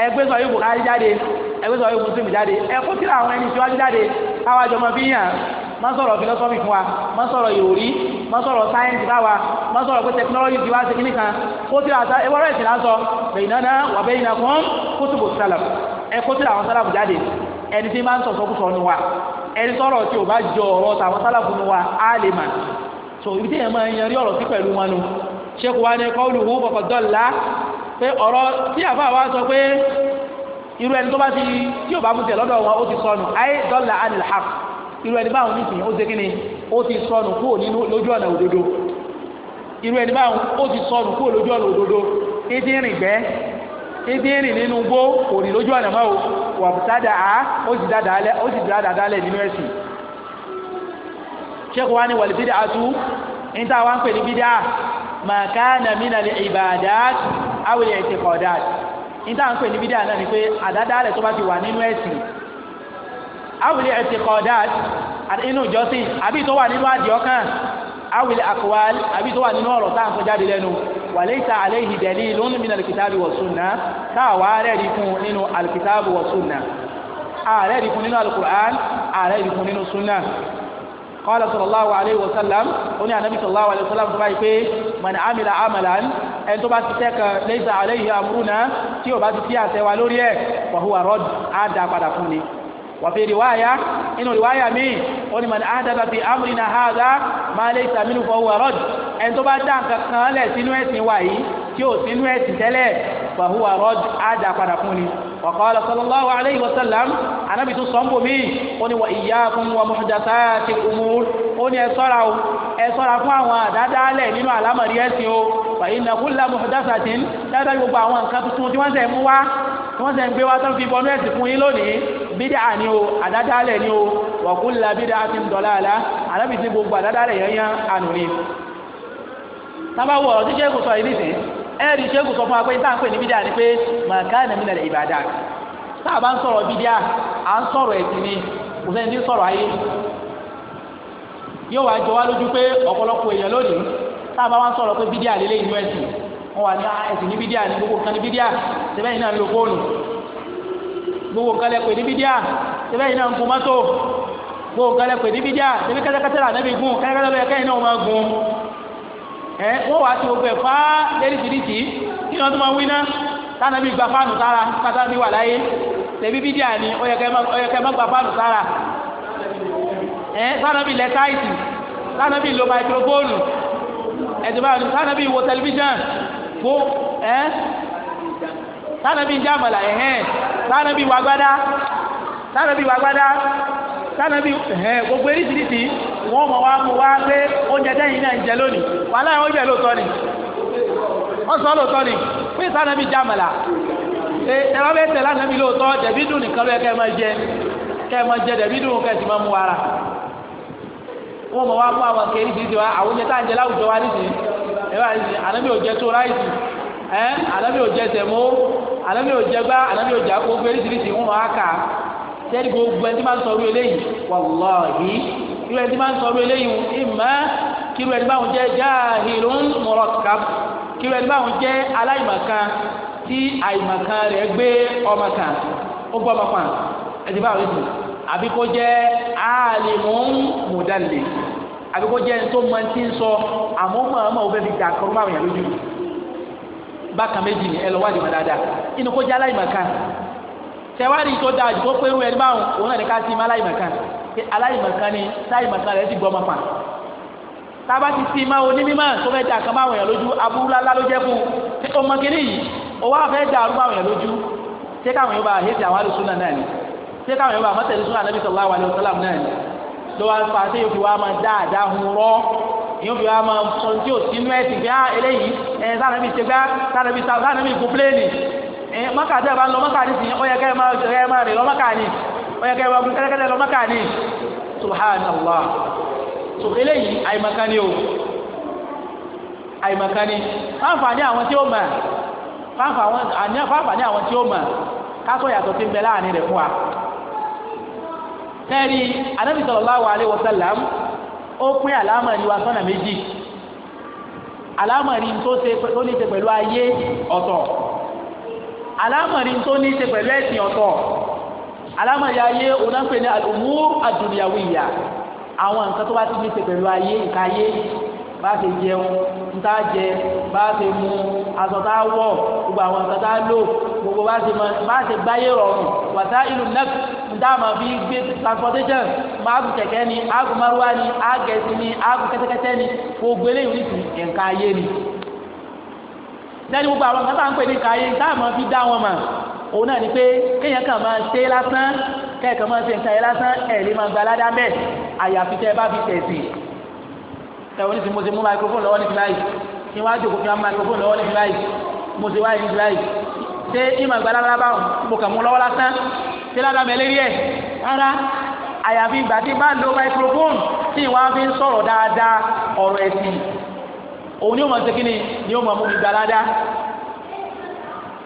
ẹgbẹ́ sọ yóò kárí jáde ẹgbẹ́ sọ yóò muslim jáde ẹkọ́ tí àwọn ẹni síwájú jáde káwá jọmọ fi yàn má sọ̀rọ̀ philosophy fún wa má sọ̀rọ̀ ìròrí má sọ̀rọ̀ sáyẹ́ǹsì báwa má sọ̀rọ̀ pé technology ti wá sí kíní kan kó tí àwọn ẹwọ́rọ̀ ẹ̀sìn lásọ bẹ̀yìnàná wà bainakum kutubu salaf ẹkọ́ tí àwọn sálàmù jáde ẹni tí máa ń sọ̀sọ́ kú sọ̀nù wa ẹni sọ̀rọ̀ tí ò bá jọ ọ̀rọ̀ tàwọn sálàmù wa á lè mà so ibi tí èèyàn máa ń yanrí ọ̀rọ̀ sí pẹ̀lú wọn nu ṣé kò wá ní kọ́ọ̀lù wú bọ̀kọ̀ dọ́là pé ọ̀rọ̀ tí àfa wa sọ pé irú ẹni tó bá ti tí bá mú tẹ̀ lọ́dọ̀ wọn ó ti sọnù ayé dọ́là anil irú ẹni báwọn ní ìsìn ó ṣe kíni ó ti sọnù kúrò nínú lójú ọ̀nà òdodo irú ẹni báwọn ó ti sọnù kúrò lójú ọ̀nà òdodo ìdí rìn gbẹ́ rìn nínú gbó kò lójú ọ̀nà o wà sádà á ó dáadáa lẹ ó awele ẹsẹ kọdad níta ń pè ní bídíà náà ni pé àdáda rẹ tó bá ti wà nínú ẹsìn awele ẹsẹ kọdad inú ìjọsìn àbí tó wà nínú àdìọkàn awele akwal àbí tó wà nínú ọ̀rọ̀ tá à ń sọ jáde lẹ́nu wàlẹ́sà àlẹ́yìn dẹ̀lí lónìí mi alkitabi wa sunna táwa rẹ̀ rí fún nínú alkitabi wa sunna ààrẹ rí fún nínú alukur'an ààrẹ rí fún nínú sunna qala sallallahu alayhi wa sallam ó ní anabi sallallahu alayhi wa sallam tó báyìí pé man amila amalan ẹni tó bá ti tẹ́ kan laysa alayhi amruna tí ò bá ti tí àṣẹ wa lórí ẹ̀ wa huwa radd á dá padà fún ni. وفي رواية إنه رواية مين قل من أحدث في أمرنا هذا ما ليس منه فهو رد ẹni tó bá dá nǹkan kan lẹ̀ sínú ẹ̀sìn wa yìí tí ò sínú ẹ̀sìn tẹ́lẹ̀ fahuwa rad àdá padà fún ni wa qala sallallahu alayhi wa sallam anábì tó sọ́nbù mí ó ní wa iyyakum wa muhdathati al-umur ó ní ẹ ṣọ́ra o ẹ ṣọ́ra fún àwọn àdádálẹ̀ nínú àlámọ̀rí ẹ̀sìn o fa inna kulla muhdathatin dáadáa gbogbo àwọn nǹkan tuntun tí wọ́n sẹ̀ mú wá tí wọ́n sẹ́ ń gbé wá tán fi bọ́nú ẹ̀sìn fún yín lónìí bídà ni o àdádálẹ̀ ni o wa kullu bid'atin dalalah àlábì sí gbogbo àdádálẹ̀ yẹn yẹn ànú ni. sábà wọ ọ̀rọ̀ tí ṣéèkù sọ yìí nìsín ẹ̀rí ṣéèkù sọ fún wa pé táà ń pè ní bídà ni pé màkánà minal ibadat táà bá ń sọ̀rọ̀ bídà à ń sọ̀rọ̀ ẹ̀sìn ni kò sẹ́ni tí ń sọ̀rọ̀ ayé yóò wá jọ wá lójú pé ọ̀pọ̀lọpọ̀ èèyàn lónìí táà bá wá ń wọn wà ní ẹ̀sìn ní bídíà ní gbogbo nǹkan ní bídíà sẹ́fẹ́ yìí náà ń lo fóònù gbogbo nǹkan lẹ́pẹ̀ ní bídíà sẹ́fẹ́ yìí náà ń gun mọ́tò gbogbo nǹkan lẹ́pẹ̀ ní bídíà sẹ́fẹ́ kẹ́tẹ́kẹ́tẹ́ là nẹ́bi gun kẹ́tẹ́kẹ́tẹ́ lọ́yẹ kẹ́yìn náà máa gun ẹ wọ́n wà á ti gbogbo ẹ̀ fá lẹ́rìndínlìtì kí wọ́n tún máa wí náà tánàbí gba fáànù sára kátàbí wà láyé tẹ̀bí bídíà ni ó yẹ kẹ́ má gba fáànù sára ẹ tánàbí lẹ táìtì tánàbí lo máikrófóònù ẹ̀dùnmáà tánàbí wo tẹlifíṣàn fo ẹ sanabi ń jẹ sanabi wà sanabi wà sanabi gbogbo eríṣiríṣi wọn mọ wá mú wa pé oúnjẹ dẹyìn náà ń jẹ lónìí wàhálà yẹn oúnjẹ lóòótọ́ ni wọn sọ ni pé sanabi jẹ ẹ ẹ wọn bẹ tẹ lánàbí lóòótọ́ dẹbí dùn nìkan lóye kẹ ẹ máa jẹ kẹ ẹ máa jẹ dùn kẹ ẹ máa mú wọn mọ mú àwọn kẹ ẹ̀rọ àìsí ànábì ò jẹ tó ráìsì ẹ̀ ànábì ò jẹ tẹ̀mọ́ ànábì ò jẹ gbá ànábì ò jẹ gbogbo eréṣiríṣi ń wọn aka sẹ́ni gbogbo ẹni tí máa ń sọ̀rọ̀ eléyìí wàlláhì irú ẹni tí máa ń sọ̀rọ̀ eléyìí ìmọ̀ kí irú ẹni báwọn jẹ́ jáàhìrún murakkab kí irú ẹni báwọn jẹ́ aláìmọ̀kan tí àìmọ̀kan rẹ̀ gbé ọmọ ó gbọ́ ọmọ kan àbí kó jẹ́ ẹni tó mọ ti ń sọ àmọ́ mọ̀ ọmọ òun fẹ́ fi dà kọ́rọ́ máa wọ̀nyàn lójú bákan méjì ni ẹ lọ wádìí wọn dáadáa inú kó jẹ́ aláìmọ̀kan tẹ̀wádìí tó dáa jù tó pé irú ẹni báwọn òun náà ká sí aláìmọ̀kan pé aláìmọ̀kan ni táìmọ̀kan rẹ̀ ti gbọ́ ọmọ pa tába ti sí ma onímọ̀ tó fẹ́ dà kan báwọn èèyàn lójú aburú lálá ló jẹ́ fún ọmọ kìíní yìí òwò àfẹ́ dà arú báwọn èèyàn lójú ṣé káwọn yóò bá hẹ́sì àwọn àlùsùn náà náà ni ṣé káwọn yóò bá mọ́tẹ̀lẹ́sùn àlẹ́bí ló wá fa sí ìfi wá máa dáadáa hun rọ́ ìyóò fi wá máa sọ tí ò sínú ẹ̀sìn bí á ah, eléyìí ẹ̀ sànàbí ṣe gbá ah, sànàbí sànàbí kúpléènì ẹ̀ mọ́kà tẹ́ ẹ bá ń lọ mọ́kà ní sìn ó yẹ kẹ́ ẹ máa ẹ máa rìn lọ mọ́kà ní ó yẹ kẹ́ ẹ máa kẹ́lẹ́ kẹ́lẹ́ lọ mọ́kà ní subhanallah so eléyìí àyèmọ̀kánni o àyèmọ̀kánni fáǹfààní àwọn tí ó mọ̀ fáǹfààní àwọn tí ó mọ̀ ká sọ yàtọ̀ tí ń bẹ láàrin rẹ̀ fún wa sẹ́ẹ̀rì anábì sallallahu alaihi wasallam ó pín àlámọ̀rí wa sọ́nà méjì àlámọ̀rí tó ní ṣe pẹ̀lú ayé ọ̀tọ̀ àlámọ̀rí tó ní ṣe pẹ̀lú ẹ̀sìn ọ̀tọ̀ àlámọ̀rí ayé onáfẹ́ ní al-umur ad-dunyawiyya àwọn nǹkan tó bá ti ní ṣe pẹ̀lú ayé ìkáyé bá ṣe jẹun ntá jẹ bá ṣe mu aṣọ tá wọ̀ gbogbo àwọn nǹkan tá lò gbogbo bá ṣe bá ṣe gbáyé rọrùn wàtá ìlú nẹ́ẹ̀kì ntá máa fi gbé transportation máa gùn kẹ̀kẹ́ ni àgùn márùwá ni àgẹ̀sì ni àgùn kẹ́tẹ́kẹ́tẹ́ ni gbogbo eléyìí ní ti ẹ̀ka ayé ni lẹ́yìn gbogbo àwọn nǹkan tá à ń pè ní kàyé tá à máa fi dá wọn mà òun náà ni pé kéèyàn kàn máa ṣe lásán kẹ́ẹ̀kan máa ṣe nǹkan yẹn lásán ẹ̀ lè ẹ wọ́n ní ti mo ti microphone lọ́wọ́ ní fìláyì kí wọ́n á jòkó kí wọ́n á microphone lọ́wọ́ ní fìláyì mo ti wáyé ní fìláyì ṣé ìmọ̀ bá mo kàn mú lọ́wọ́ lásán ṣé ládàá mi lérí ẹ̀ rárá àyàfi ìgbà bá lo microphone tí wọ́n á fi ń sọ̀rọ̀ dáadáa ọ̀rọ̀ ẹ̀sìn òun ni ó mọ̀ ṣe kí ni ni ó mọ̀ mú mi gbà ládàá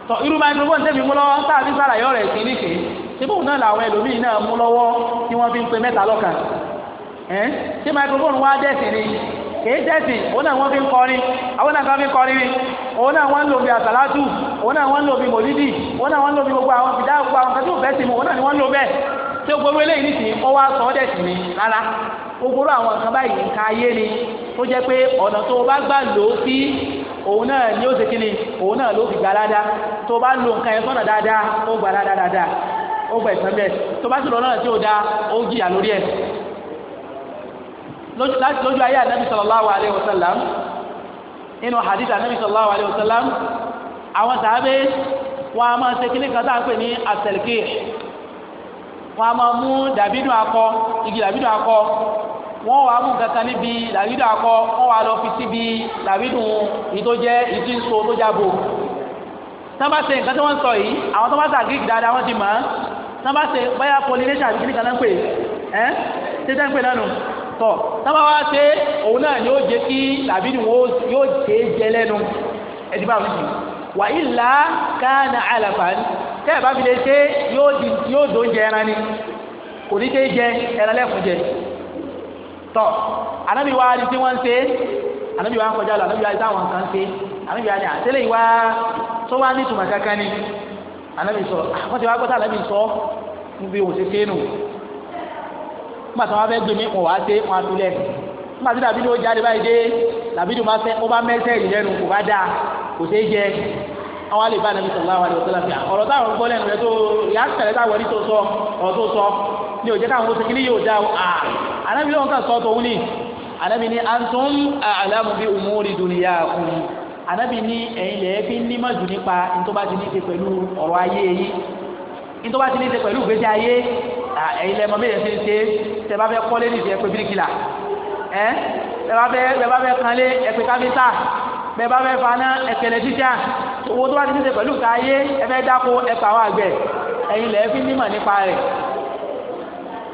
tọ irú microphone tẹ́mi mú lọ́wọ́ sáàbí sàlàyé rẹ̀ sí níṣe ṣé bóun náà làwọn ẹlòmíín náà mú lọ́wọ́ tí wọ́n fi ń pe mẹ́ta lọ́kàn ẹ́ ṣé microphone wá dẹ̀sìn ni kèé jẹ́sìn òun náà fi ń kọrin àwọn náà kan fi ń kọrin rí òun náà wọ́n ń lo bí àsàlátù òun ń lo bí gbogbo àwọn fìdá gbogbo àwọn kẹtí òfẹ́ mu òun ni wọn ń lo tí o gbogbo eléyìí nìsín ó wá sọ àwọn nǹkan báyìí ayé ni tó jẹ́ ọ̀nà tó o bá gbà lò ó sí ni ó ṣe kí ni òun náà láti lójú ayé ànábì sallallahu alayhi wa sallam nínú hadith ànábì sallallahu alayhi wa sallam àwọn sàábé wọn a máa ṣe kíní kan tá à ń pè ní àtẹ̀lẹ́kì wọn a máa mú dàbídùn akọ igi dàbídùn akọ wọn wàá mú kankan níbi dàbídùn akọ wọn wàá lọ fi síbi dàbídùn ìtòjẹ ìtìsó tó jábò sábà ṣe nǹkan tí wọ́n sọ yìí àwọn tó bá sà greek dáadáa wọ́n ti mọ̀ ọ́n sábà ṣe báyà pollination àti kíní kan náà ń pè ẹ́ ṣé tẹ́ ń pè náà tọ́ sábà wá ṣe òun náà yóò jẹ́ kí làbídì wọn yóò jẹ́ jẹ lẹ́nu ẹ̀dí bá wọn jù wà ilà kánà àlàfààní tẹ́ ẹ̀ bá fi lè ṣe yóò dó oúnjẹ ẹran ni kò ní ṣe jẹ ẹran lẹ́kùn jẹ tọ́ anábì wa ni tí wọ́n ń ṣe anábì wa ń kọjá lọ anábì wa táwọn kan ṣe anábì wa ni àtẹ́lẹ̀ ìwà tó wá ní tùmọ̀ kankan ni anábì sọ àwọn ti wá gbọ́dọ̀ anábì sọ níbi òṣèṣe nù nígbà tí wọ́n fẹ́ gbé mi wọ́n wá dé wọ́n á túlẹ̀ nígbà tí dàbídì ó jáde báyìí dé dàbídì ó bá fẹ́ ó bá mẹ́sẹ̀ rí lẹ́nu kò bá dáa kò sí jẹ àwọn alẹ́ bá nàbí sọ̀rọ̀ àwọn àdìọ́sọ́lá fi ọ̀rọ̀ táwọn gbọ́ lẹ́nu rẹ tó yà á tẹ̀lé táwọn ẹni tó sọ ọ̀rọ̀ tó sọ ni ò jẹ́ káwọn oṣù kìíní yóò dá o à ànábi lóun kà sọ tòun ni ànábi ni antum a'lamu bi umuri dunyakum ànábi ni ẹ̀yin lẹ́ẹ̀ fi nímọ̀ jù nípa ntọ́ba ti ní ṣe pẹ̀lú ọ̀rọ̀ ayé yìí ntọ́ba ti ní ṣe pẹ̀lú ìgbésí ayé ẹ̀yin lẹ́mọ bí yẹn ṣe ń ṣe tẹ́ bá fẹ́ kọ́lé nìṣẹ́ ẹ pé bíríkìlà ẹ́ bẹ́ẹ̀ bá fẹ́ bẹ́ẹ̀ bá fẹ́ kanlé ẹ pé káfíńtà bẹ́ẹ̀ bá fẹ́ faná ẹ pé ẹlẹtíríṣà owó tó bá ti ní ṣe pẹ̀lú ká yé ẹ fẹ́ dáko ẹ pa àwọn àgbẹ̀ ẹ̀yin lẹ́ẹ̀ fi nímọ̀ nípa rẹ̀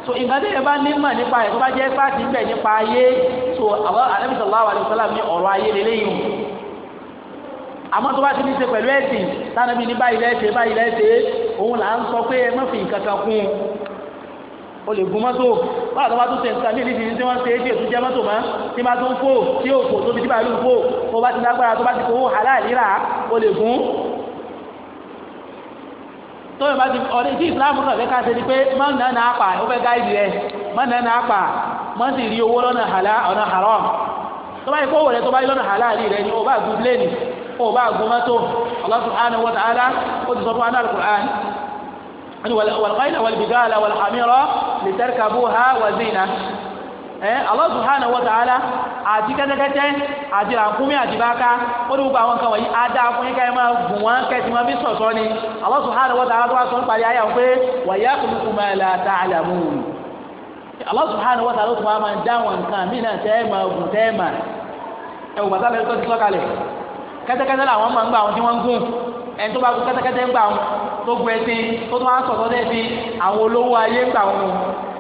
so ìgbà tí ẹ bá nímọ̀ nípa rẹ̀ tó bá jẹ́ pàtì bẹ̀ nípa ayé so àwọn Ànábì sallallahu alaihi wasallam ní ọ̀rọ̀ ayé lélẹ́yìn àmọ́ tó bá ti ní ṣe pẹ̀lú ẹ̀sìn tánàbí ní báyìí lẹ́sẹ̀ báyìí lẹ́sẹ̀ òun là ń sọ pé ẹ má fi nǹkan kan kún un o lè gun mọ́tò wọ́n àtọ́wá tó tẹ̀sí àmì ìlú ìdíyìn tí wọ́n ṣe é díẹ̀ tó jẹ́ mọ́tò mọ́ tí máa tó ń fò tí yóò fò tóbi tí bàálù ń fò tó bá ti lágbára tó bá ti fowó aláàlí rà o lè gun. tó yẹ bá ti ọ̀rẹ́ tí ìsìláàmù náà fẹ́ ká ṣe ni pé má nà nà ó fẹ́ gáìdì rẹ má nà nà apà má rí owó lọ́nà hàlá ọ̀nà haram tó bá yẹ kó wò tó bá yẹ lọ́nà hàlálì rẹ ni o bá gun pléènì o bá gun mọ́tò Allah subhanahu wa ta'ala ó ti sọ fún wa náà al-Qur'an wal-khayla wal-bighala litarkabuha wa zina eh, Allah subhanahu wa ta'ala àti kẹ́tẹ́kẹ́tẹ́ àti ràkúnmí àti báká ó ní gbogbo àwọn kan wọ̀nyí adá fún yín káyọ̀ máa gùn wọ́n kẹ́tì wọ́n fi sọ̀tọ́ ni Allah subhanahu wa ta'ala tó wá sọ ń parí ayà pé wa yakhluqu ma la ta'lamun Allah subhanahu wa ta'ala tó wá máa ń dá wọn nǹkan mí náà tẹ́ máa gùn tẹ́ máa ẹ̀wù bàtà lẹ́yìn tó ti sọ́kalẹ̀ kẹ́tẹ́kẹ́tẹ́ làwọn máa ń gbà àwọn tí wọ́n ń gùn ẹni tó bá gùn kẹ́tẹ́kẹ́tẹ́ ń gbà àwọn gbogbo ẹsìn tó tó wá sọ̀tọ́ dẹ́sí àwọn olówó ayé ń gbà wọn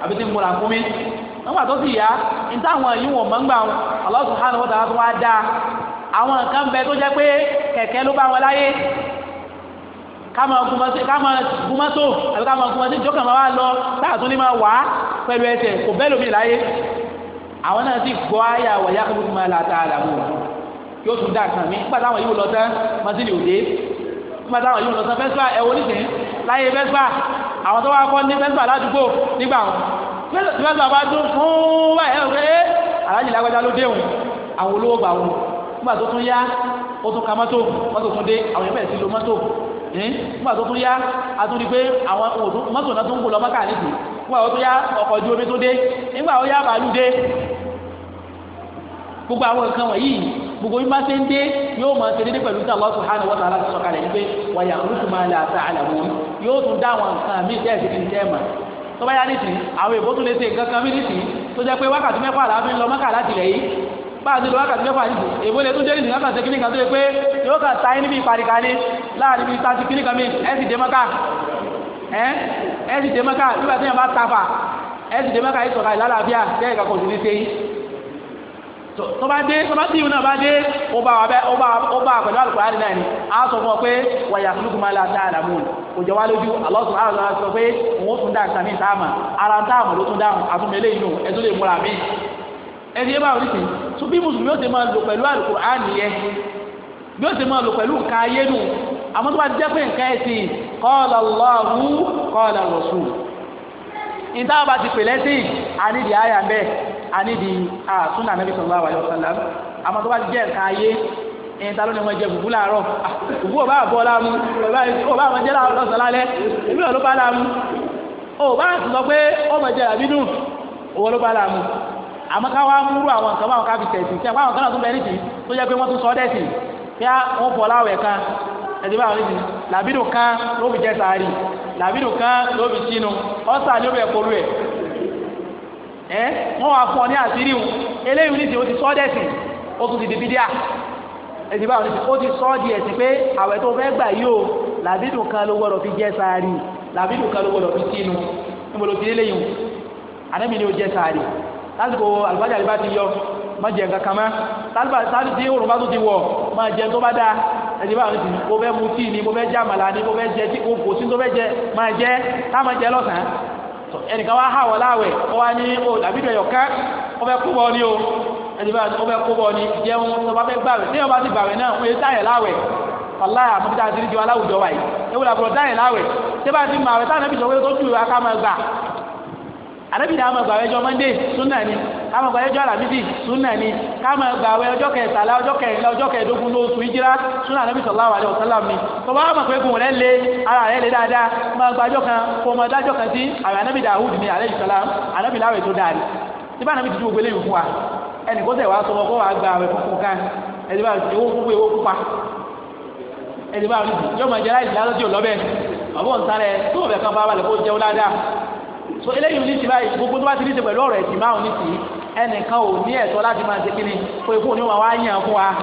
àbí tí mo rà fún mi nígbà tó sì yá níta àwọn yìí wọ̀n mọ́ ń gbà wọn Allah subhanahu wa ta'ala tó wá dáa àwọn nǹkan bẹ tó jẹ́ pé kẹ̀kẹ́ ló bá wọn láyé káma gumaso àbí káma gumaso jókè máa wá lọ láàtún ní máa wá pẹ̀lú ẹsẹ̀ kò bẹ́ẹ̀ lómi láyé àwọn náà sì gbọ́ àyà wọ̀nyá kó máa là tá a làbò yóò tún dà kàn mí nígbà táwọn yìí wò lọ tán mọ́tìlì òde nígbà táwọn yìí lọ sọ fẹsíbà ẹ̀wọ̀n nísìnyí láyé fẹsíbà àwọn tó wá kọ́ ní fẹsíbà ládùúgbò nígbà wọn fẹsíbà bá dún fún báyìí ẹ̀wọ̀n pé aláàjì lágbájá ló dé òun àwọn olówó gbà wọn nígbà tó tún yá ó tún ka mọ́tò mọ́tò tún dé àwọn yẹn bẹ̀rẹ̀ sí lo mọ́tò nígbà tó tún yá a tún rí pé àwọn mọ́tò náà tún kó lọ mọ́kà nídìí nígbà tó tún yá ọkọ̀ gbogbo àwọn nǹkan wọ̀nyí gbogbo yín bá ṣe ń dé yóò máa ṣe dédé pẹ̀lú tí Allah subhanahu wa ta'ala sọ̀kalẹ̀ ní pé wa yakhluqu ma la ta'lamun yóò tún dá àwọn nǹkan mí tẹ́ ẹ̀sìn kìí tẹ́ ẹ̀ mà tó bá yá ní sìn àwọn èbó tún lè ṣe nǹkan kan mí ní sìn tó jẹ́ pé wákàtí mẹ́fà làá ń lọ mọ́kà láti lẹ̀ yìí bá a ti lọ wákàtí mẹ́fà nìbò èbó lè tún dé nìyí wákàtí kìíní kan tó lè pé yóò kà ta yín níbi ìparíkaní láàrin bíi tàti kìíní kan mi ẹ sì dé mọ́kà ẹ ẹ sì dé mọ́kà nígbà tí yẹn bá tafa ẹ sì dé mọ́kà yìí sọ̀ka ìlàlàáfíà tẹ́ ẹ̀ka kò sí ní sẹ́yìn tó bá dé tó bá tí ìwé náà bá dé ó bá wà bẹ́ẹ̀ ó bá ó bá pẹ̀lú Al-Qur'an náà ni a sọ fún ọ pé wàyà fúlùkùmá la dá àlàmú kò jọ wá lójú Allah subhanahu wa ta'ala sọ pé òun ó tún dá àkàmì táàmà ara táàmà ló tún dáhùn àtúnbẹ̀lẹ̀ inú ẹ̀ tó lè múra mí ẹni ẹ bá wọlé sí so bí mùsùlùmí ó ti máa lò pẹ̀lú Al-Qur'an yẹ bí ó ti máa lò pẹ̀lú nǹkan ayé nù àmọ́ tó bá jẹ́ pé nǹkan ẹ̀sìn qala Allahu qala Rasul ìta bá ti pè lẹ́sìn àníjì anídìí àtúnà anábì sallallahu alaihi wasallam àmọ́ tó bá jẹ́ nǹkan ayé ẹ̀yìn ta ló ní wọ́n jẹ bùbú láàárọ̀ bùbú ò bá bọ́ láàmú ò bá wọn jẹ́ lọ́sàn lálẹ́ ìbí wọn ló bá láàmú ò bá sọ pé ó mọ̀ jẹ́ àbínú òwò ló bá láàmú àmọ́ ká wá múrú àwọn nǹkan báwọn ká fi tẹ̀sí tí àwọn kan náà tún bẹ nítì tó jẹ́ pé wọ́n tún sọ dẹ́sì kí wọ́n fọ láwẹ̀ kan ẹ̀sìn báwọn nítì làbínú kan ló fi jẹ́ sàárì làbínú kan ló fi sínú ọ̀sà ni ó bẹ̀ kóró ẹ̀ ẹ eh, wọ́n wá fún ọ ní àṣírí wù eléyìí ní ti o ti sọ dẹ̀sìn o tún ti di bídíà ẹ̀sìn báwọn ní o ti sọ di ẹ̀sìn pé àwẹ̀ tó fẹ́ gbà yìí o làbídùn kan ló gbọ́dọ̀ fi jẹ́ sáárì làbídùn kan ló gbọ́dọ̀ fi kínu níbo ló ti léyìn o àdẹ́mi ni o jẹ́ sáárì lásìkò àlùbájà rẹ bá ti yọ má jẹ nǹkan kan mọ́ sáárì tí òrùn bá ní ti fẹ́ mu àmàlà ni mo fẹ́ jẹ tí o kò sí tó fẹ́ jẹ má jẹ tá má lọ́sàn ẹnìkan wá hà wọ́n láwẹ̀ ó wá ní o oh, dàbí ìdẹ̀yọ̀ ká ó fẹ́ kó bọ́ ni o ẹni bá ó fẹ́ kó bọ́ ni jẹun tó bá fẹ́ gbàwẹ̀ tí yóò bá ti gbàwẹ̀ náà wọ́n yé táyẹ̀ láwẹ̀ wàlá àmọ́tá àti ìdíjọ aláwùjọ wáyé ewu làbúrò táyẹ̀ láwẹ̀ tí bá ti máa wẹ̀ táwọn ẹbí sọ pé tó ju aká máa gbà àdébìnrin àwọn àgbà káma gba ẹjọ́ alamisi sunna ni káma gba awẹ ọjọ́ kẹtàlá ọjọ́ kẹrìnlá ọjọ́ kẹẹ̀dógún lóṣù ìjírá sunna anabi sallallahu alaihi wasallam ni tọba ama pé gun rẹ lé ara rẹ lé dáadáa máa gba ọjọ́ kan fọmọ dájọ́ kan sí àwọn anabi dahud ni alaihi salam anabi láwẹ̀ tó dáa ni síbá anabi ti dúró gbélé yìí fún wa ẹnì kó sẹ̀ wá sọ wọn kó wàá gba awẹ fúnfún kan ẹni bá owó púpọ̀ owó pupa ẹni bá yọ máa jẹ láì lásán tí ò lọ́bẹ̀ ọ̀bọ̀n sáré tó o bẹ̀ kan bá balẹ̀ kó jẹun ládàá so eléyìí ní ti báyìí gbogbo tó bá ti ní ti pẹ̀lú ọ̀rọ̀ ẹ̀sìn máa ń ní ti ẹnìkan ò ní ẹ̀tọ́ láti máa ṣe kíni fún ikú ni ma wa yóò máa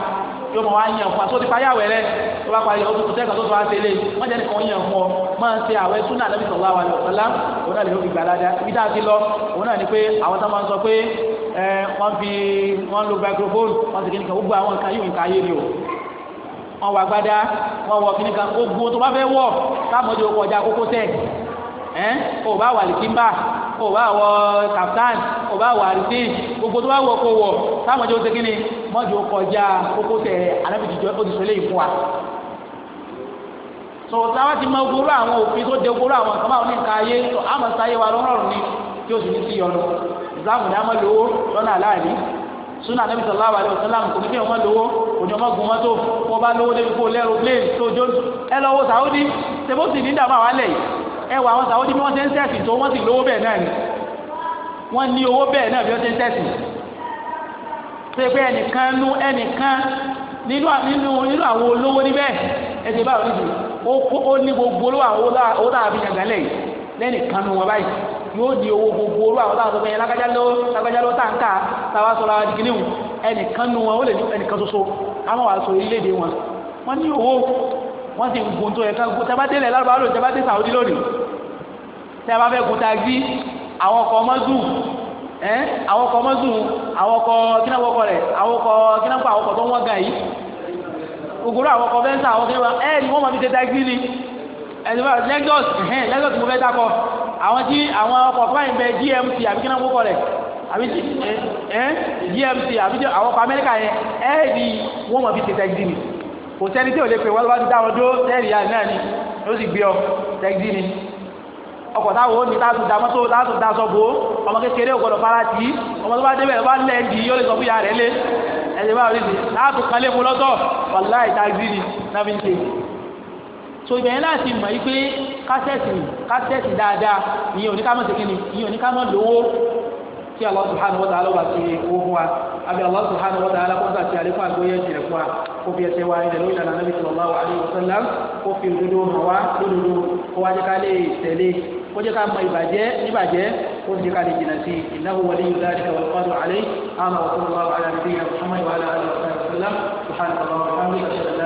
wá yàn fún wa tó ti parí àwẹ̀ rẹ tó bá parí ọdún tẹ́ka tó tó wá tẹ́lẹ̀ wọ́n jẹ́ nìkan yàn fún ọ máa ṣe àwẹ̀ súnà lẹ́bi sọ̀rọ̀ àwọn àlẹ́ òun náà lè fi gbà a ti lọ òun náà ni pé àwọn máa ń fi wọ́n lo microphone wọ́n ti gbogbo àwọn nǹkan yóò o wọ́n wà gbádá wọ́n wọ kíní gbogbo tó bá fẹ́ wọ̀ táwọn ọjọ́ kókó tẹ̀ ẹ́ bá wà lè o bá wọ kaftan o bá wọ àrísí gbogbo tó bá wọ kó wọ táwọn ọjọ́ ṣe kíni mọ́jú kọjá kókó tẹ anábìtìjọ́ ó ti sọ eléyìí fún wa. sọ táwa ti mọ gbogbo àwọn òfin tó de gbogbo àwọn kàmáwọn ní nǹkan ayé tó àmọ̀ sáyé wa lọ́rùn ni tí o sì ní sí yọnu ìsìlámù ni a máa lówó lọ́nà aláàbí súnà nàbì sallallahu alaihi wasallam kò ní kí ọmọ lówó kò ní ọmọ gun mọ́tò kó bá lówó ẹwà àwọn sàwọ́dí bí wọ́n ṣe ń tẹ̀sì tó wọ́n sì lówó bẹ́ẹ̀ náà ni wọ́n ní owó bẹ́ẹ̀ náà bí wọ́n ṣe ń tẹ̀sì ṣe pé ẹnìkan nú ẹnìkan nínú àwọn olówó níbẹ̀ ẹ̀sìn báwo níbi ó ní gbogbo olówó àwọn owó láàbí yàgànlẹ̀ lẹ́nìkan nú wọn báyìí yóò di owó gbogbo olówó àwọn láàbí yẹn lágbájá ló tàǹkà táwa sọ̀rọ̀ àdìgínìwò ẹnìkan nú wọn ó lè ní ẹnìkan ṣoṣo káwọn wàá sọ orílẹ̀-èdè wọn wọ́n ní owó wọ́n sì ń gun tó yẹ ká tẹ́bátẹ́lẹ̀ lárúbáwá lòdì tẹ́bátẹ́ sàwọ́dí lónìí tẹ́ ẹ bá fẹ́ gun taxi àwọn ọkọ̀ mọ́tò ẹ́ àwọn ọkọ̀ mọ́tò àwọn ọkọ̀ kí náà wọkọ̀ rẹ̀ àwọn ọkọ̀ kí náà pa àwọn ọkọ̀ tó wọ́n ga yìí ògùrọ̀ àwọn ọkọ̀ fẹ́ǹsà àwọn kẹ́wà ẹ́ ni wọ́n máa fi ṣe taxi ni ẹ̀sìn bá Lagos ẹ̀hẹ́n Lagos mo fẹ́ dákọ̀ àwọn tí àwọn ọkọ̀ fáyìn bẹ GMC àbí kí náà wọkọ̀ rẹ̀ àbí ẹ́ GMC àbí àwọn ọkọ̀ Amẹ́ríkà yẹn ẹ́ ni wọ́n máa fi ṣe taxi ni kò sẹ́ni tí ò lè pè wọ́n lọ́wọ́ ti dá wọn dó tẹ́ẹ̀rì ọkọ̀ táwọn ó ní táàtù da mọ́tò táàtù da sọ́bù ọmọ kékeré ò gbọ́dọ̀ fara tì í ọmọ tó bá débẹ̀ ló bá lẹ̀ ń dì yóò lè sọ fúyà rẹ̀ lé ẹ̀sẹ̀ bá rí i táàtù kan lọ́tọ̀ wàláì táàgì ni náà fi ń ṣe. so ibẹ̀ yẹn láti mọ̀ yí pé kásẹ̀tì kásẹ̀tì dáadáa ìyẹn oníkámọ̀ ṣe kíni ìyẹn oníkámọ̀ lówó kí Allah subhanahu wa ta'ala bá ti owó fún wa àbí Allah subhanahu wa ta'ala Nabi sallallahu alaihi wasallam kó fi òdodo hàn wá kó jẹ́ ká mọ ìbàjẹ́ ìbàjẹ́ kó jẹ́ ká lè jìnà sí innahu waliyyu dhalika wal qadiru alayhi àmọ́ ọ̀tún lọ́wọ́ alàbíyàn